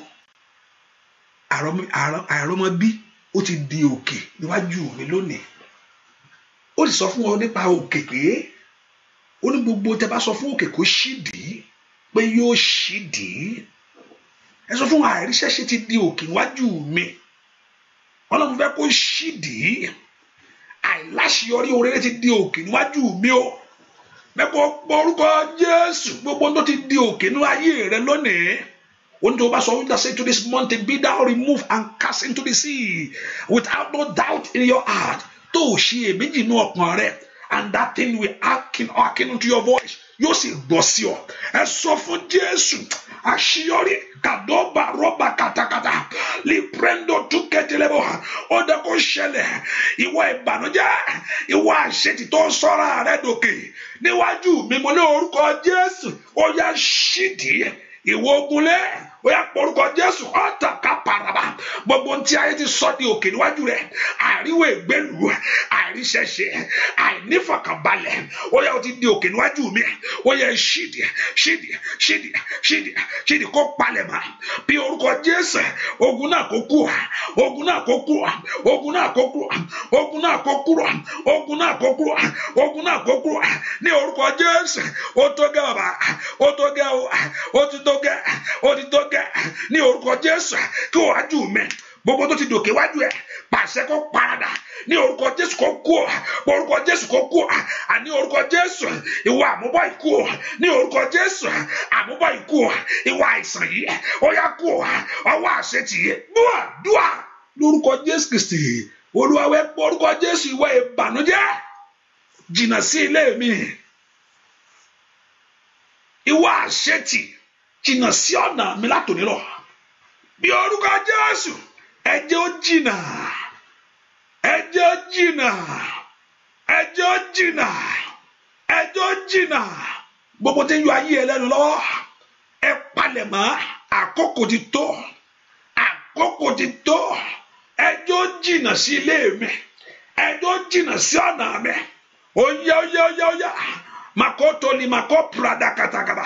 àìrọ́mọ bí ó ti di òkè níwájú mi lónìí ó sì sọ fún ọ nípa òkè pé ó ní gbogbo tẹ bá sọ fún òkè kó ṣídìí pé yóò ṣídìí ẹ sọ fún wa àìríṣẹ́ ṣe ti di òkè iwájú mi ọlọ́run fẹ́ kó ṣídìí àìláṣeyọrí oore ti di òkè níwájú mi o mẹ́kọ̀ pọ̀ orúkọ Jésù gbogbo tó ti di òkè ní ayé rẹ lónìí ohun tó bá sọ wípé say to this mountain be thou removed and cast into the sea without no doubt in your heart tó o ṣe èméjì inú ọkàn rẹ and that thing will hearken hearken unto your voice yóò sì gbọ́ sí ọ ẹ sọ fún jésù àṣeyọrí kàdọ́bà rọ́bà kàtàkàtà lè pẹ́ndọ̀ tún kẹtẹlẹ́bọ̀ ó dẹ́ kó ṣẹlẹ̀ ìwọ ìbànújẹ́ ìwọ àṣetìtọ́ sọ́ra rẹ dòkè níwájú mi orúkọ jésù ó yá ṣídìí ìwọ ogunlẹ́ ó yá porúkọ jésù ọ̀tà ká paraba gbogbo ohun tí ayé ti sọ di òkè níwájú rẹ àríwá ìgbélú àríṣẹṣe àìnífọ̀kànbalẹ̀ ó yá o ti di òkè níwájú mi ó yá ṣídì ṣídì ṣídì ṣídì ṣídì kó palẹ̀ mọ́ bí orúkọ jésù ogun náà kó kú ogun náà kó kú ogun náà kó kú ogun náà kó kúrò ogun náà kó kúrò ogun náà kó kúrò ní orúkọ jésù ó tó gẹ́ bàbá ó tó gẹ́ o ti tó gẹ́ ó ti tó gẹ́ lókè ní orúkọ Jésù kí wọ́n wájú mi gbogbo tó ti dòkè wájú ẹ pàṣẹ kó parada ní orúkọ jésù kó kú ọ orúkọ jésù kó kú ọ àní orúkọ jésù ìwà àmúbọ ìkú ọ ní orúkọ jésù àmúbọ ìkú ọ ìwà àìsàn yìí ó yá kú ọ ọwọ́ àṣetì yìí dùà dùà lórúkọ jésù kristi olúwawẹ orúkọ jésù ìwà ìbànújẹ́ jìnnà sí ilé mi ìwà àṣetì jìnnà sí ọ̀nà mi látòní lọ bí orúkọ Jésù ẹjẹ́ ó jìnnà ẹjẹ́ ó jìnnà ẹjẹ́ ó jìnnà ẹjẹ́ ó jìnnà gbogbo tí ń yọ ayé ẹ lẹ́nu lọ́wọ́ ẹ palẹ̀ mọ́ àkókò ti tó àkókò ti tó ẹjẹ́ ó jìnnà sí ilé mi ẹjẹ́ ó jìnnà sí ọ̀nà mi ó yá ó yá ó yá ó màkó pradà kàtàkàtà.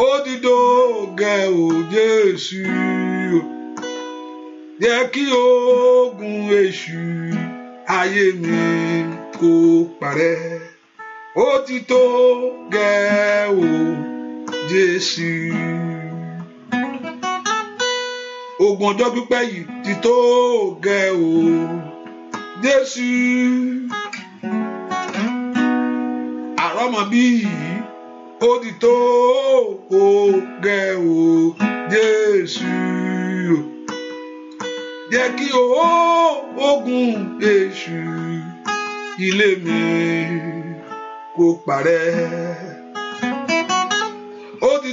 ó ti dògẹ o Jésù jẹ́ kí ogun èṣù mi kó parẹ́ ó ti tó gẹ́ o Jésù ogun ọjọ́ pípẹ́ yìí ti tó gẹ́ o Jésù àrọ́mọbí yìí. òtítọ́ òpó gẹ̀wò Jésù jẹ́ kí owó ogun èṣù ilé mi kó parẹ́ oge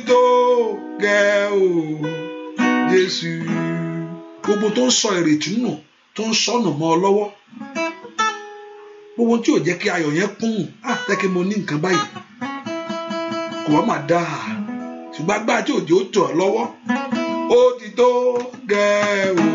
gẹ̀wò Jésù gbogbo tó sọ ìrètí nù tó sọ sọnù mọ́ ọ gbogbo tí ò jẹ́ kí ayọ̀ yẹn kún mo ní nkan bayi. kò wọ́n mà dáa ṣùgbọ́n agbára tí òjò tọ̀ lọ́wọ́ ó ti tó gẹ́ o.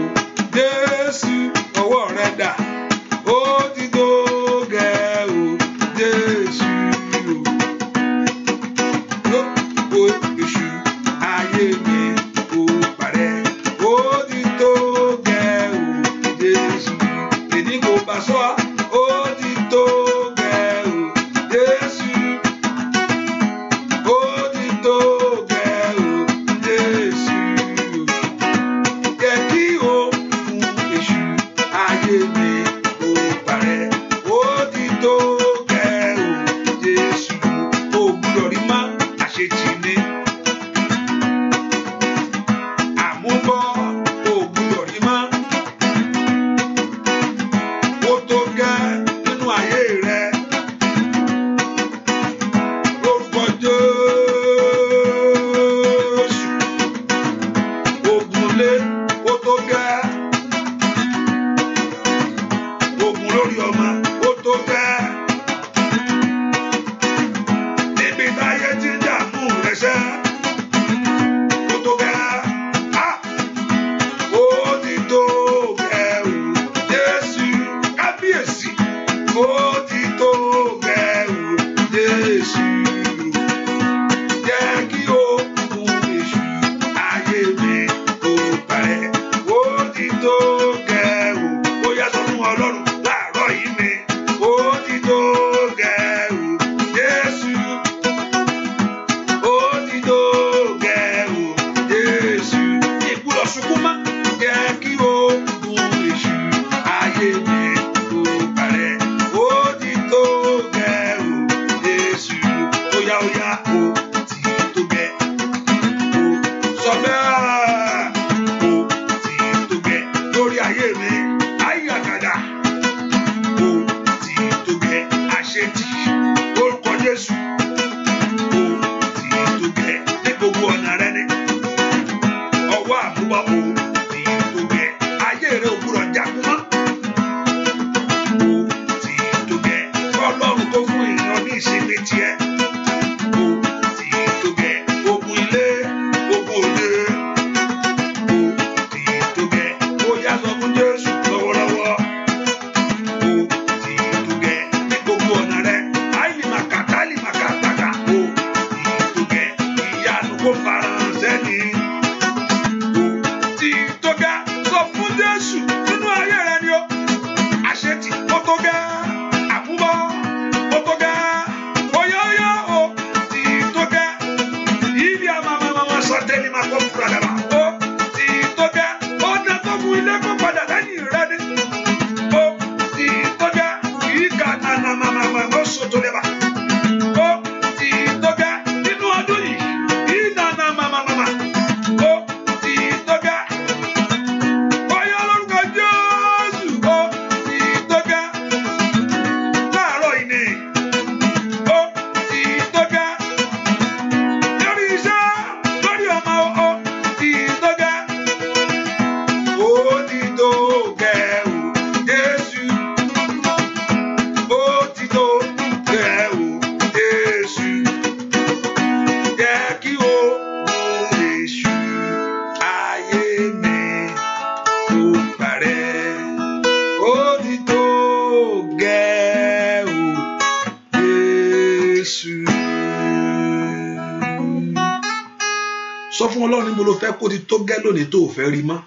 fẹ́ rí mọ́.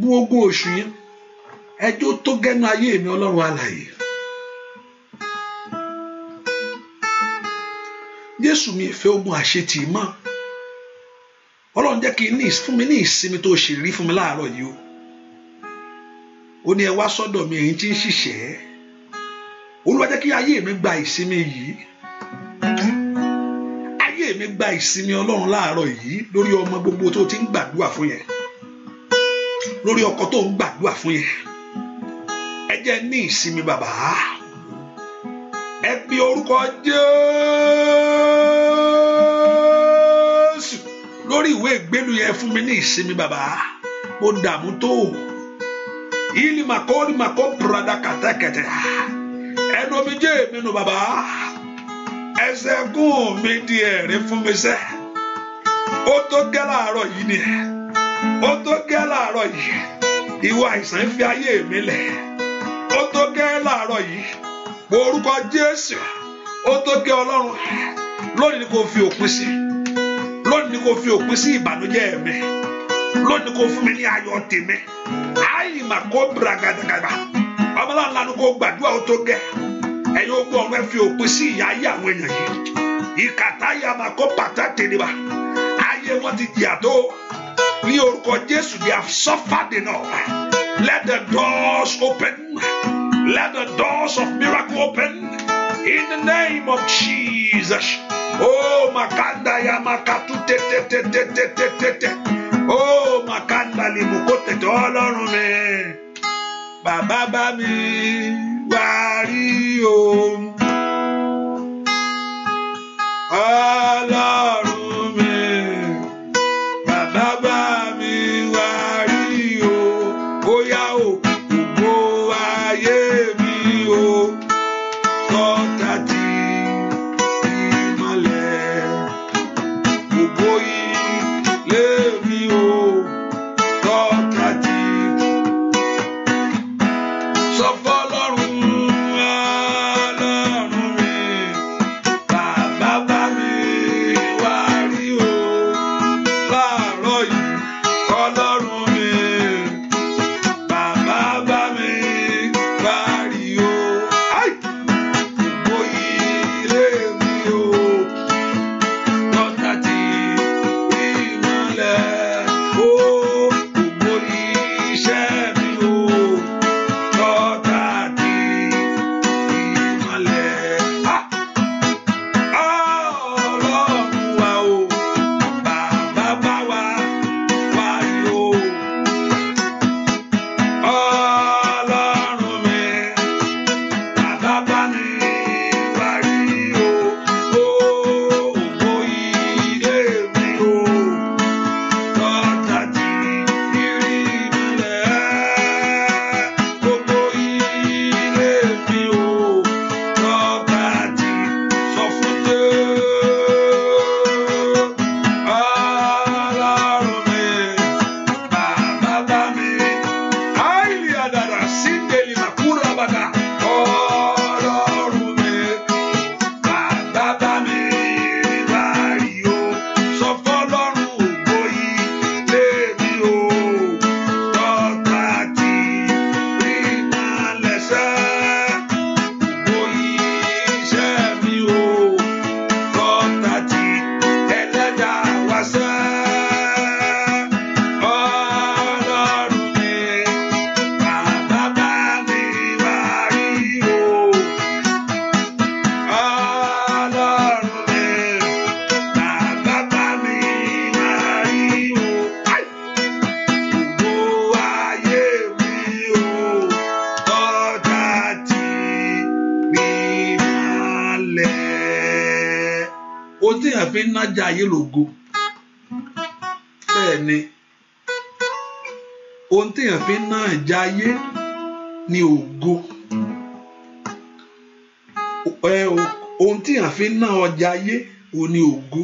gbogbo oṣù yẹn ẹjọ́ tó gẹ́nu ayé mi ọlọ́run alààyè. jésù mi ìfẹ́ ogun àṣetì mọ́ ọlọ́run jẹ́ kí n ní fún mi ní ìsinmi tó ṣe rí fún mi láàárọ̀ yìí o ó ní ẹ wá sọ́dọ̀ mi èyí tí ń ṣiṣẹ́ olúwa kí ayé mi gba ìsinmi yìí èmi gba ìsinmi ọlọ́run láàárọ̀ yìí lórí ọmọ gbogbo tó ti ń gbàdúrà fún yẹn lórí ọkọ tó ń gbàdúrà fún yẹn ẹ jẹ́ ní ìsinmi bàbá ẹ bí orúkọ Jésù lórí ìwé ìgbélu yẹn fún mi ní ìsinmi bàbá mo dààmú tó ìlì màkọ́ ìlì màkọ́ pradà kàtàkàtà ẹnu omijé mi nù bàbá. ẹsẹ̀ gún mi di ẹ̀rí fún mi ó tó yìí ni ó tó gẹ́ láàárọ̀ yìí àìsàn fi ayé mi lẹ̀ ó tó gẹ́ láàárọ̀ yìí orúkọ Jésù ó tó gẹ́ Ọlọ́run lónìí ni kò fi òpin sí lónìí ni kò fi òpin sí mi lónìí kò fún mi ní tèmi àyìnbá kó ẹ̀yin ogun ọ̀run ẹ fi òpin sí ìyà ayé àwọn èèyàn yìí ìkàtà yàmà kó pàtà tèlébà ayé wọn ti jìyà tó ní orúkọ Jésù they have suffered let the doors open let the doors of miracle open in the name of Jesus oh makanda yàmà kàtú tètètètètètètè oh makanda limu kó tètè ọlọ́run mi bàbá bá mi wá rí o. Ọlọ́run. ohun téèyàn fi ń ná ìjà ayé ni ògo ohun téèyàn fi ń ná ọjà ayé òun ni ògo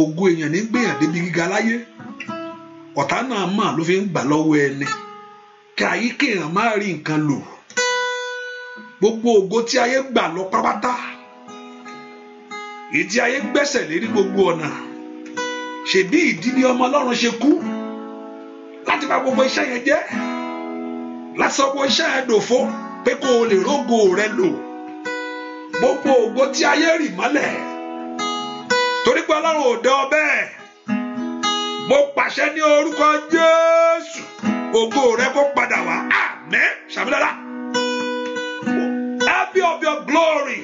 ògo èèyàn ní gbèyàn débi gíga láyé ọ̀tá náà mà ló fi ń gbà lọ́wọ́ ẹni kí ayé kéèyàn má rí nǹkan lò gbogbo ògo tí ayé gbà lọ pátápátá èyí tí ayé gbẹ́sẹ̀ lérí gbogbo ọ̀nà ṣèbí ìdílé ọmọ ọlọ́run ṣe kú. láti bá gbogbo iṣẹ́ yẹn jẹ́ lásán gbogbo iṣẹ́ yẹn dòfo pé kó o lè rógo rẹ lò gbogbo ògo tí ayé rì mọ́lẹ̀ torí pé ọlọ́run ò dán ọ bẹ́ẹ̀ mo pàṣẹ ní orúkọ jésù ògo rẹ kó padà wá àmín ṣàmìlọ́lá happy of your glory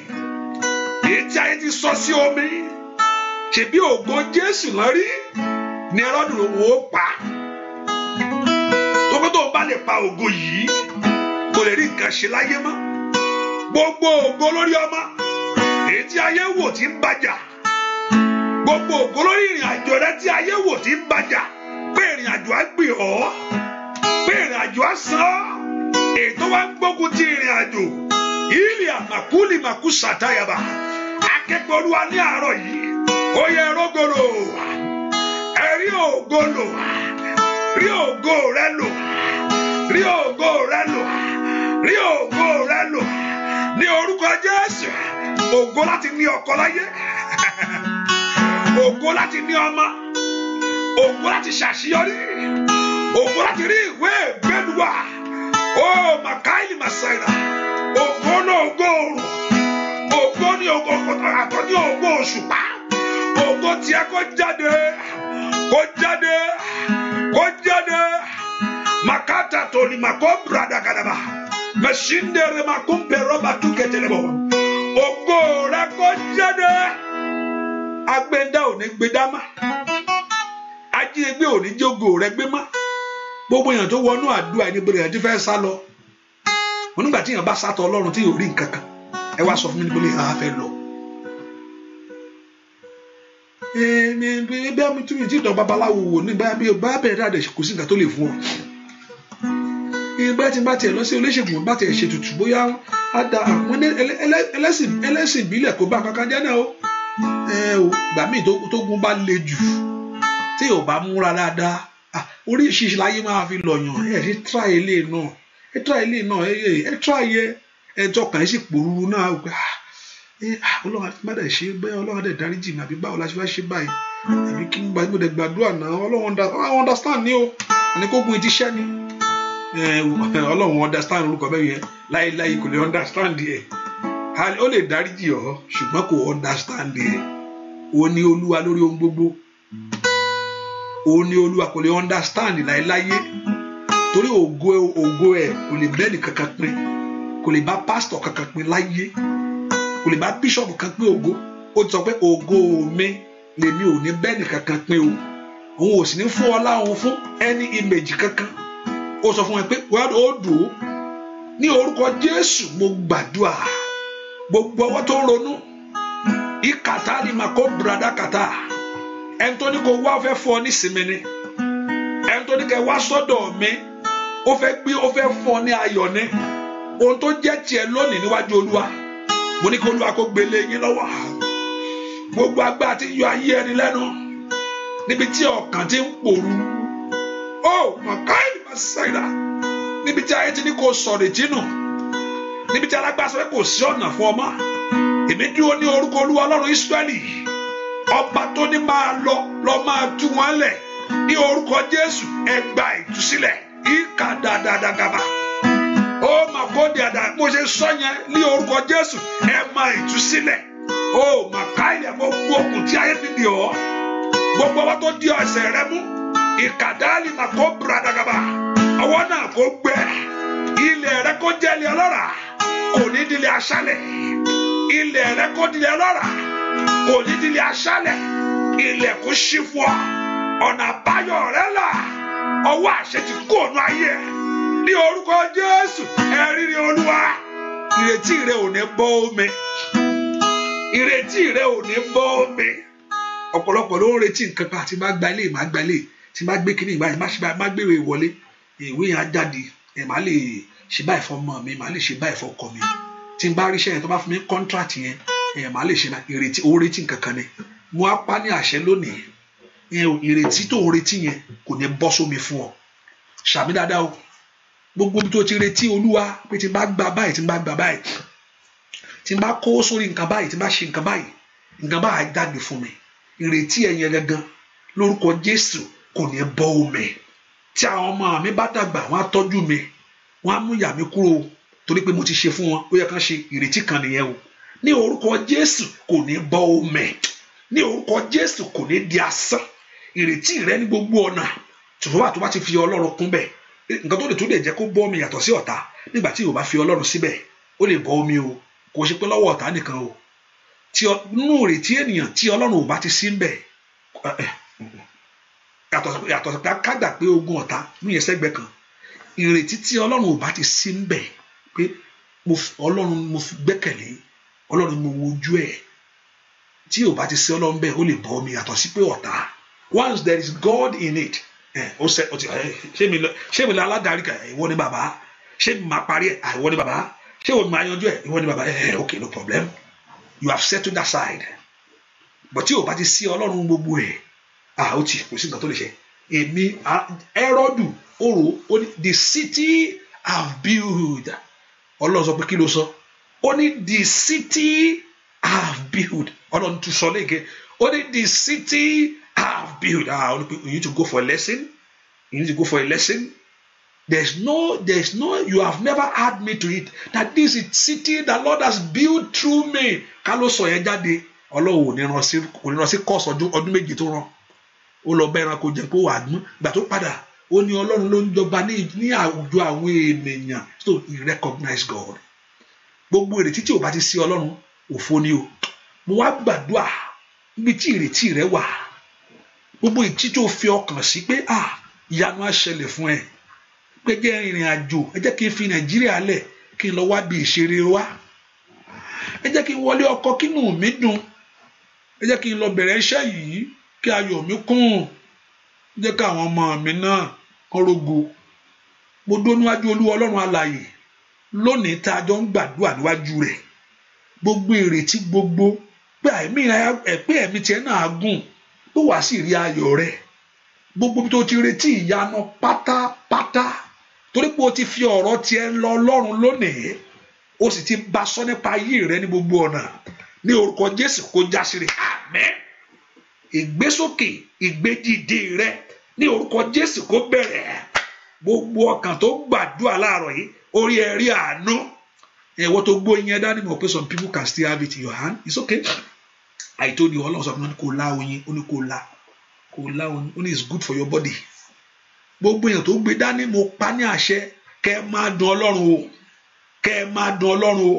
èyí tí ayé ti sọ sí omi ṣèbí ògo jésù lọ́rí ni ẹlọ́dún òun ó pa á. gbogbo tó bá lè pa ògo yìí kò lè rí nǹkan ṣe láyé mọ́ gbogbo ògo lórí ọmọ èyí ayé wò tí ń gbogbo ògo lórí ìrìn àjò rẹ tí ayé wò tí ń bàjà pé ìrìn àjò á gbè ọ́ pé ìrìn àjò á san ọ́ ń gbógun ti ìrìn àjò ìlì àmàkúlì màkú sàtáyàbà akẹ́kọ̀ọ́ ní àárọ̀ yìí ó yẹ ẹ̀rí ògo lò rí ògo rẹ lò. rí ògo rẹ lò rí ògo rẹ lò ní orúkọ Jésù ògo láti ní ọkọ láyé ògo láti ní ọmọ ògo láti ṣàṣeyọrí ògo láti rí ìwé ìgbéluwà ó màkáìlì màsáìlà ògo ní ògo òrùn ògo ní ògo àtọ́ ní ògo òṣùpá ògo tiẹ̀ kó jáde kó jáde kó jáde. makata toli makobrada kadaba mẹsìndẹrẹ makumpẹrọ batukẹtẹlẹbọ ògo rẹ kó jáde agbẹdá ò ní gbé dámà ajínigbé ò jogo rẹ gbé má gbogbo èèyàn tó wọnú àdúrà ẹni bẹ̀rẹ̀ ẹni fẹẹ sá lọ wọn nígbà tí èèyàn bá sátọ Ọlọ́run tí yóò rí nǹkan kan ẹ e wá sọ fún mi níbo lè ha fẹ́ lọ. èmi bí bẹ́ẹ̀ mi tún yìí tí ìdán babaláwo wò ní bá bẹ́ẹ̀ bẹ́ẹ̀ kò sí nǹkan tó lè fún ọ. bóyá tí n bá tiẹ̀ lọ sí oníṣègùn bá tiẹ̀ ṣètùtù bóyá á da àwọn ẹlẹ́sìn ẹlẹ́sìn ìbílẹ̀ kó bá kankan jẹ́ náà o gbà míì tógun bá le jù tí ò bá múra dáadáa oríṣiríṣi láyé máa fi lọ̀yàn ẹ̀ ṣe tíra ilé náà ẹ tíra ilé náà ẹ tíra yẹ ẹjọ́ kàn sí pòrúurú náà gbà ọlọ́run àti mẹ́ta ṣe bẹ́ẹ̀ ọlọ́run àti dáríjì mi àbí báwo la ṣe fẹ́ ṣe báyìí àbí kí n gbàdúrà náà ọlọ́run understand ni o àní kógun ìtíṣẹ́ ni. Eh, ọlọ́run understand orúkọ bẹ́ẹ̀ yẹn láéláé kò lè understand ẹ̀ ó lè dáríjì ọ́ ṣùgbọ́n kò understand ẹ̀ ó ní olúwa lórí ohun gbogbo ó ní olúwa kò lè understand láéláé torí ògo ògo ẹ̀ kò lè bẹ́ẹ̀lì kankan pin kò lè bá pásítọ̀ kankan pin láyé kò lè bá bíṣọ̀bù kan pin ògo ó ti sọ pé ògo mi lèmi ò ní bẹ́ẹ̀lì kankan pin o òun ò sì ní fún ọlá òun fún ẹni ìmẹ̀jì kankan ó sọ fún wọn pé wọ́n ó dùn ó ní orúkọ Jésù mo gbàdúrà gbogbo ọwọ́ tó ronú ìkàtà ni mà kó bùrọ̀dá kàtà ẹni tó ní kó wá fẹ́ fọ ní sinmi ni ẹni tó ní kẹ wá sọ́dọ̀ mi ó fẹ́ gbé ó fẹ́ fọ ní ayọ̀ ni ohun tó jẹ́ tiẹ̀ lónìí níwájú Olúwa mo ní kí Olúwa kó gbélé yín lọ́wọ́ gbogbo agbára ti yọ ayé ẹni lẹ́nu níbi tí ọkàn ti ń pòrú ó mọ̀ káyìí outsider ah. níbi tí ayé ti ní kò sọ̀rọ̀ ìjínú níbi tí alágbàsọ pé kò sí ọ̀nà fún ọmọ èmi dúró ní orúkọ olúwa ọlọ́run Ísírẹ́lì ọba tó ní máa lọ lọ máa tú wọn lẹ̀ ní orúkọ Jésù ẹgbà ìtúsílẹ̀ ìkà dáadáa ó mà kó di àdá bó ṣe sọ yẹn ní orúkọ Jésù ẹ máa ìtúsílẹ̀ ó mà ká ilẹ̀ gbogbo okùn tí ayé ti dì ọ́ gbogbo ọwọ́ tó di ẹsẹ̀ rẹ mú ìkà dáàlì mà kó bùrọ̀ dáadáa ọwọ́ náà kó gbẹ Ilé rẹ kó jẹ́ ilẹ̀ ọlọ́rà kò ní di ilẹ̀ aṣálẹ̀ ilẹ̀ rẹ kó di ilẹ̀ ọlọ́rà kò ní di ilẹ̀ aṣálẹ̀ ilẹ̀ kó ṣí fún ọ ọ̀nà àbáyọ rẹ là ọwọ́ àṣẹ ti kú ònú ayé ní orúkọ Jésù ẹ̀rírí olúwa ìrètí rẹ ò ní bọ́ omi ìrètí rẹ ò ní bọ́ omi ọ̀pọ̀lọpọ̀ ló ń retí nǹkan kan àti má gbalé má gbalé tí má gbé kíní ìgbà yìí má gbé ìwé wọlé ìwé yẹn á jáde ẹ̀ máa lè ṣe báyìí fún ọmọ mi màá lè ṣe báyìí fún ọkọ mi tí n bá ríṣẹ́ yẹn tó bá fún mi kọ́ńtrátì yẹn ẹ̀ màá lè ṣe báyìí ìrètí ó retí nǹkan kan ni mo á pa ní àṣẹ lónìí ìrètí tó ń retí yẹn kò ní bọ́ sómi fún ọ ṣàmì dáadáa o gbogbo ibi tó ti retí olúwa pé tí bá gba báyìí tí bá gba báyìí tí bá kó sórí nǹkan báyìí tí bá ṣe nǹkan báyìí nǹkan báyìí jáde fún mi ìrètí ẹ̀yẹn gangan lórúkọ Jésù kò ní bọ́ omi tí àwọn ọmọ mi bá dàgbà wọ́n á tọ́jú mi wọ́n á mú ìyà mi kúrò torí pé mo ti ṣe fún wọn ó yẹ kán ṣe ìrètí kan nìyẹn o ní orúkọ Jésù kò ní bọ́ omi ní orúkọ Jésù kò ní di asán ìrètí rẹ ní gbogbo ọ̀nà tùfọ́wà tó bá ti fi Ọlọ́run kún bẹ̀ nǹkan tó lè tó lè jẹ́ kó bọ́ omi yàtọ̀ sí ọ̀tá nígbà tí yóò bá fi Ọlọ́run síbẹ̀ ó lè bọ́ omi o kò ṣe pé lọ́wọ́ ọ̀tá nìkan o nínú ìrètí ènìyàn tí Ọlọ́run ò bá ti sí ń bẹ̀ yàtọ̀ sípẹ́ kágbà pé ogun ọ̀tá mú yẹn kan ìrètí tí ọlọ́run ò ti sí ń bẹ̀ pé ọlọ́run mo fi gbẹ́kẹ̀lé ọlọ́run mo wojú ẹ̀ tí ò ti sí ọlọ́run bẹ́ẹ̀ ó lè bọ́ mi yàtọ̀ sí pé ọ̀tá once there is God in it ó sẹ ọtí ṣé mi lọ aládarí kan ìwọ ni bàbá ṣé mi máa parí ẹ ìwọ ni bàbá ṣé òun máa yanjú ẹ ìwọ ni bàbá ẹ ok no problem you have settled that side but tí ò bá ti sí ọlọ́run gbogbo ẹ̀ àòtì ah, kò sí nǹkan tó lè ṣe èmi ẹrọdù orò ó the city have built ọlọ́run sọ pé kí ló sọ ó the city have built ọlọ́run tún sọ léèké ó ní the city have built ah ó pé you need to go for a lesson you need to go for a lesson there's no there's no you have never had me to it that this is city that Lord has built through me ká ló sọ yẹn jáde ọlọ́run ò ní ràn sí kọ́ọ̀sì ọdún méje tó ràn ó lọ bá ẹranko jẹ pé ó wà gbọ́n gbà tó padà ó ní ọlọ́run ló ń jọba ní àwùjọ àwọn ènìyàn so he recognize God gbogbo ìrètí tí o bá ti sí ọlọ́run òfo ni o mo wá gbàdúrà níbi tí ìrètí rẹ wà gbogbo ìtí tó fi ọkàn sí pé ah ìyanu á ṣẹlẹ̀ fún ẹ pé jẹ́ ìrìn àjò ẹ jẹ́ kí n fi nàìjíríà lẹ̀ kí n lọ wá bí ìṣeré wá ẹ jẹ́ kí n wọlé ọkọ kínú mi dùn ẹ jẹ́ kí n lọ bẹ̀rẹ̀ iṣẹ́ yìí kí ayọ̀ mi kún jẹ́ káwọn ọmọ mi náà kán rógo mo dó níwájú olúwa ọlọ́run alààyè lónìí tá a jọ ń gbàdúrà níwájú rẹ̀ gbogbo ìrètí gbogbo pé ẹ̀mí ẹ̀pẹ́ ẹ̀mí tiẹ̀ náà gùn tó wàá sì rí ayọ̀ rẹ̀ gbogbo bí tó ti retí ìyanu pátápátá torí pé o ti fi ọ̀rọ̀ tiẹ̀ lọ ọlọ́run lónìí o sì ti bá sọ nípa ayé rẹ ní gbogbo ọ̀nà ní orúkọ jésù kó jásìrè àmín ìgbésókè ìgbédìde rẹ ní orúkọ Jésù kó bẹ̀rẹ̀ gbogbo ọkàn tó gbàdúrà láàárọ̀ yìí orí ẹ̀rí àánú ẹwọ tó gbó yẹn dání mọ̀ pé some people can still have it in your hand it's okay àìtó ni Ọlọ́run sọ fún kò la oyin ó ní kò la kò la oyin ó ní it's good for your body gbogbo èèyàn tó gbé dání mo pa ní àṣẹ kẹ́ ẹ máa dùn Ọlọ́run o kẹ́ ẹ máa dùn Ọlọ́run o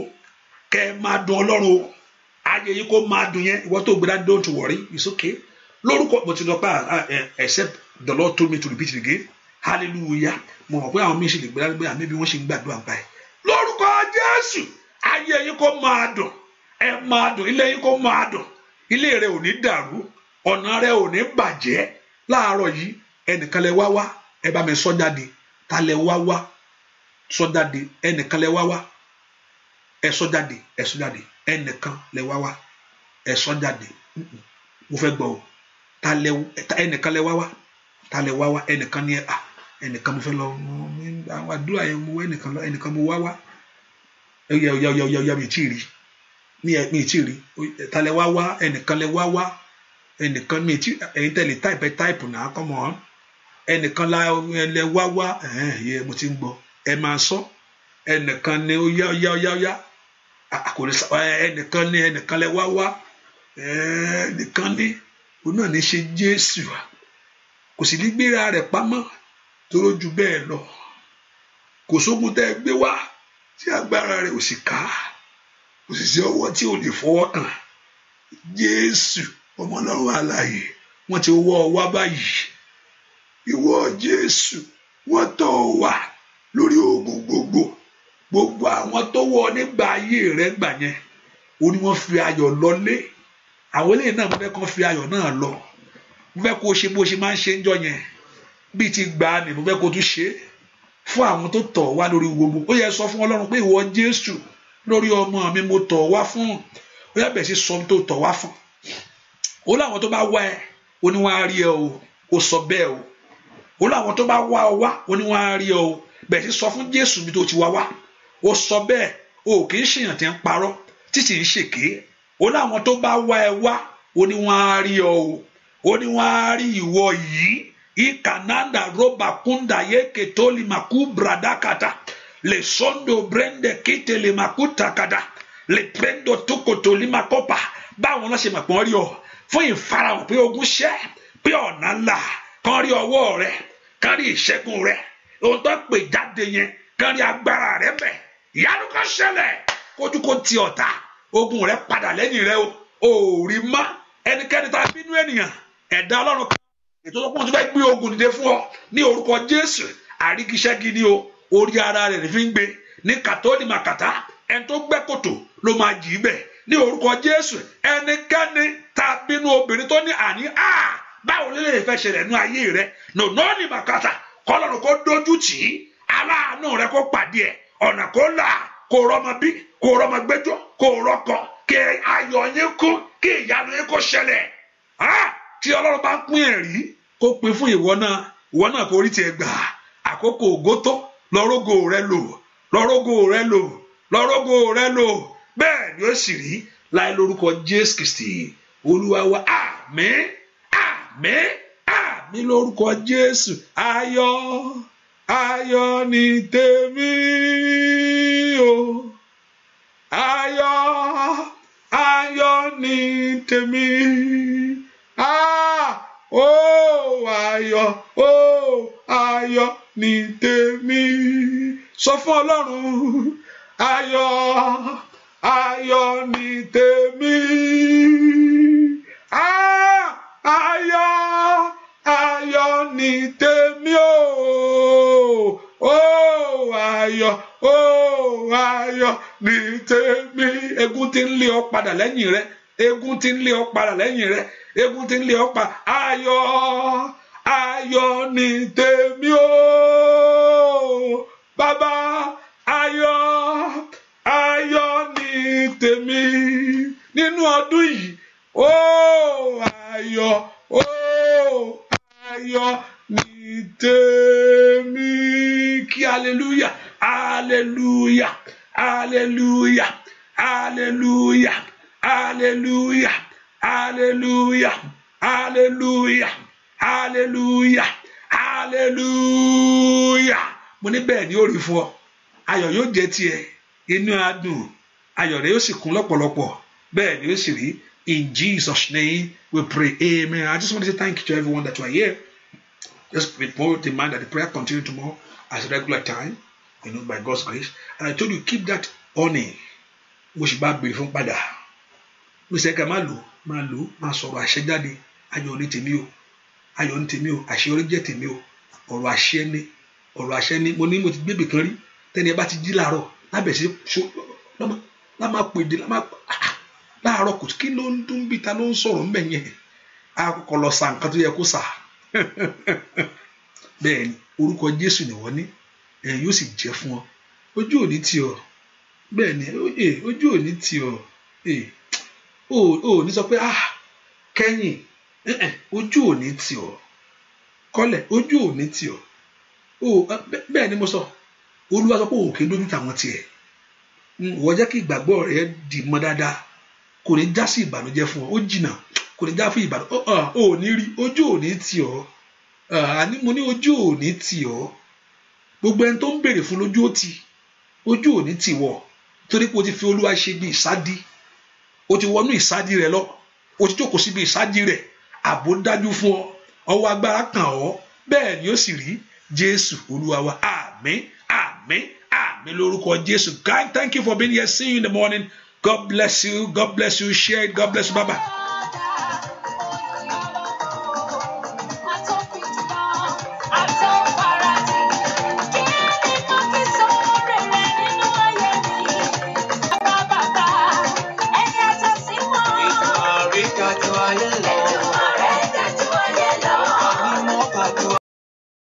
kẹ́ ẹ máa dùn Ọlọ́run o ayé yìí kó máa dùn yẹn ìwọ tó gbéra don't worry it's okay lórúkọ mo ti lọ pa uh, uh, except the Lord told me to repeat it again hallelujah mo mọ̀ pé àwọn míì sì lè gbéra gbéra àmì bí wọ́n ṣe ń gbàdúrà gbà ẹ̀ lórúkọ Jésù ayé yìí kó máa dùn ẹ máa dùn ilé yìí kó máa dùn ilé rẹ ò ní dàrú ọ̀nà rẹ ò ní bàjẹ́ láàárọ̀ yìí ẹnìkan lẹ wá wá ẹ bá mi sọ jáde ta lẹ wá wá sọ jáde ẹnìkan lẹ wá wá ẹ sọ jáde ẹ sọ jáde ẹnìkan lẹ wá wá ẹ sọ jáde mo fẹ́ gbọ́ o ta ẹnìkan lẹ wá ta lẹ wá ẹnìkan ni ẹ à ẹnìkan mo fẹ́ lọ àwọn àdúrà yẹn mo ẹnìkan lọ ẹnìkan mo wá wá ya ya ya ya ya mi tí rí ní ẹ mi tí rí ta lẹ wá wá ẹnìkan lẹ wá wá ẹnìkan mi tí ẹyin tẹ̀lé táìpẹ táìpù náà kọ́ ẹnìkan lẹ wá wá ẹ mo ti ń gbọ́ ẹ máa sọ ẹnìkan ni ó yá yá yá yá kò lè ẹnìkan ní ẹnìkan lẹ wá wá ẹnìkan ní òun náà ní ṣe Jésù kò sì ní gbéra rẹ̀ pamọ́ tóró ju bẹ́ẹ̀ lọ kò sógun tẹ́ ẹ gbé wá tí agbára rẹ̀ ò sì ká kò sì sí ọwọ́ tí ò lè fọwọ́ kàn Jésù ọmọ Ọlọ́run alààyè wọ́n ti wọ́ ọ wá báyìí ìwọ Jésù wọ́n tọ̀ ọ wá lórí ogun gbogbo gbogbo àwọn tó wọ nígbà ayé rẹ gbà yẹn ó ní wọ́n fi ayọ̀ lọlé àwọn eléyìí náà mo fẹ́ kó fi ayọ̀ náà lọ mo fẹ́ kó ṣe bó ṣe máa ń ṣe ń jọ yẹn bíi ti gbà á nì mo fẹ́ kó tún ṣe é fún àwọn tó tọ̀ wá lórí gbogbo ó yẹ sọ fún Ọlọ́run pé ìwọ Jésù lórí ọmọ mi mo tọ̀ wá fún ó yẹ bẹ̀ sí sọ tó tọ̀ wá fún ó láwọn tó bá wá ẹ ó ní wọ́n á rí ẹ o ó sọ bẹ́ẹ̀ o ó láwọn tó bá wá ọ wá ó ní wọ́n á rí ẹ o bẹ̀ sí sọ fún Jésù mi tó ti wá wá ó sọ bẹ́ẹ̀ o kì í ṣèyàn tí ń parọ́ tí sì ń ṣèké ó láwọn tó bá wá ẹ wá ó ní wọ́n á rí ọ o ó ní wọ́n á rí ìwọ yìí ikananda roba kunda yeke toli maku bradakata le sondo brende kite le maku takada le prendo tokoto lima kopa báwọn náà ṣe mọ̀ pé wọ́n rí ọ fún ìfarahàn pé ogun ṣẹ́ pé ọ̀nà ńlá kan rí ọwọ́ rẹ kan rí ìṣẹ́gun rẹ ohun tó pè jáde yẹn kan rí agbára rẹ bẹ́ẹ̀ ìyanu kan ṣẹlẹ̀ kójú kó ti ọ̀tá ogun rẹ padà lẹ́yìn rẹ o rí mọ́ ẹnikẹ́ni tá a bínú ènìyàn ẹ̀dá ọlọ́run kan ètò tó pọ̀ tó fẹ́ gbé ogun dìde fún ọ ní orúkọ jésù àrígiṣẹ́ gidi o orí ara rẹ̀ fi ń gbé ní kàtóòdì màkàtà ẹni tó gbẹ́ kòtò ló máa jì í bẹ̀ ní orúkọ jésù ẹnikẹ́ni tá a bínú obìnrin tó ní àní à báwo lè lè fẹ́ ṣẹlẹ̀ nú ayé rẹ nù màkàtà kọ́lọ́run kó dojú tì í aláàánú rẹ kó pàdé ẹ̀ ọ̀nà kó là kó rọmọ bí kó rọmọ gbẹjọ kó rọkọ kí ayọ̀ yín kún kí ìyanu yín kó ṣẹlẹ̀ tí ọlọ́run bá ń pín ẹ̀rí kó pín fún ìwọ náà ìwọ náà kó rí tiẹ̀ gbà àkókò ògo tó lọ́rọ́gò rẹ lò lọ́rọ́gò rẹ lò lọ́rọ́gò rẹ lò bẹ́ẹ̀ ni ó sì rí láì lórúkọ Jésù Kristi olúwa wa àmín àmín lórúkọ Jésù ayọ̀ ayọ̀ ni tèmi o ayọ̀ ayọ̀ ni tèmi ah o ayọ̀ o ayọ̀ ni tèmi sọ fún Ọlọ́run ayọ̀ ayọ̀ ni tèmi ah ayọ̀ ayọ̀ ni tèmi o o ayọ̀ o ayọ̀ ni tèmi egun ti ń lé ọ padà lẹ́yìn rẹ egun ti ń lé ọ padà lẹ́yìn rẹ egun ti ń lé ọ pa ayọ̀ ayọ̀ ni tèmi o bàbá ayọ̀ ayọ̀ ni tèmi nínú ọdún yìí o ayọ̀ o ayọ̀ ni tèmi kí aleluya aleluya aleluya aleluya aleluya aleluya aleluya aleluya aleluya mo ní bẹ́ẹ̀ ni ó rí fún ọ ayọ̀ yóò jẹ́ tiẹ̀ inú adùn ayọ̀ rẹ̀ yóò sì kún lọ́pọ̀lọpọ̀ bẹ́ẹ̀ ni ó sì rí in Jesus name we pray amen I just want to say thank you to everyone that were here. Just with both in mind that the prayer continue tomorrow as regular time, you know, by God's grace. And I told you, keep that honey, which bad bèrè fún padà. Mo Kamalu, ká máa lò máa lò máa sọ̀rọ̀ àṣẹ jáde, ayọ̀ you tèmi o, ayọ̀ ní tèmi o, àṣeyọrí jẹ́ tèmi o, ọ̀rọ̀ àṣẹ ni, ọ̀rọ̀ àṣẹ ni, mo ní mo ti gbébè kan rí, tẹ́ni ẹ bá ti jí làárọ̀, lábẹ̀ sí so lámà pèdè lámà láàárọ̀ kò kí ló ń dún bí ta ló ń sọ̀rọ̀ ń bẹ̀ yẹn, lọ sàn tó yẹ kó sàá. bẹ́ẹ̀ ni orúkọ Jésù ni wọ́n ní ẹ̀yin yóò sì jẹ́ fún ọ ojú òní tì ọ́ bẹ́ẹ̀ ojú òní tì ọ́ ò ní sọ pé ah kẹ́yìn ojú òní tì ọ́ kọ́lẹ̀ ojú òní tì ọ́ bẹ́ẹ̀ ni mo sọ Olúwa sọ pé òkè lójú tàwọn tiẹ̀ wọ́n jẹ́ kí ìgbàgbọ́ rẹ dì mọ́ dáadáa kò ní já sí ìbànújẹ́ fún ọ ó jìnnà kò ní já fún ìbàdàn ò ah, ní rí ojú ò ní tì ọ́ àní ah, mo ní ojú ò ní tì ọ́ gbogbo ẹni tó ń béèrè fún lójú ó ti ojú ò ní tì wọ́ torí pé o ti fi olúwa ṣe bí ìsádi o ti wọnú ìsádi rẹ lọ o ti jókòó síbi ìsádi rẹ ààbò dájú fún ọ ọwọ́ agbára kàn ọ́ bẹ́ẹ̀ ni ó sì rí jésù olúwa wa àmín àmín àmín lórúkọ jésù god thank you for being here see you in the morning god bless you god bless you share god bless you bye bye.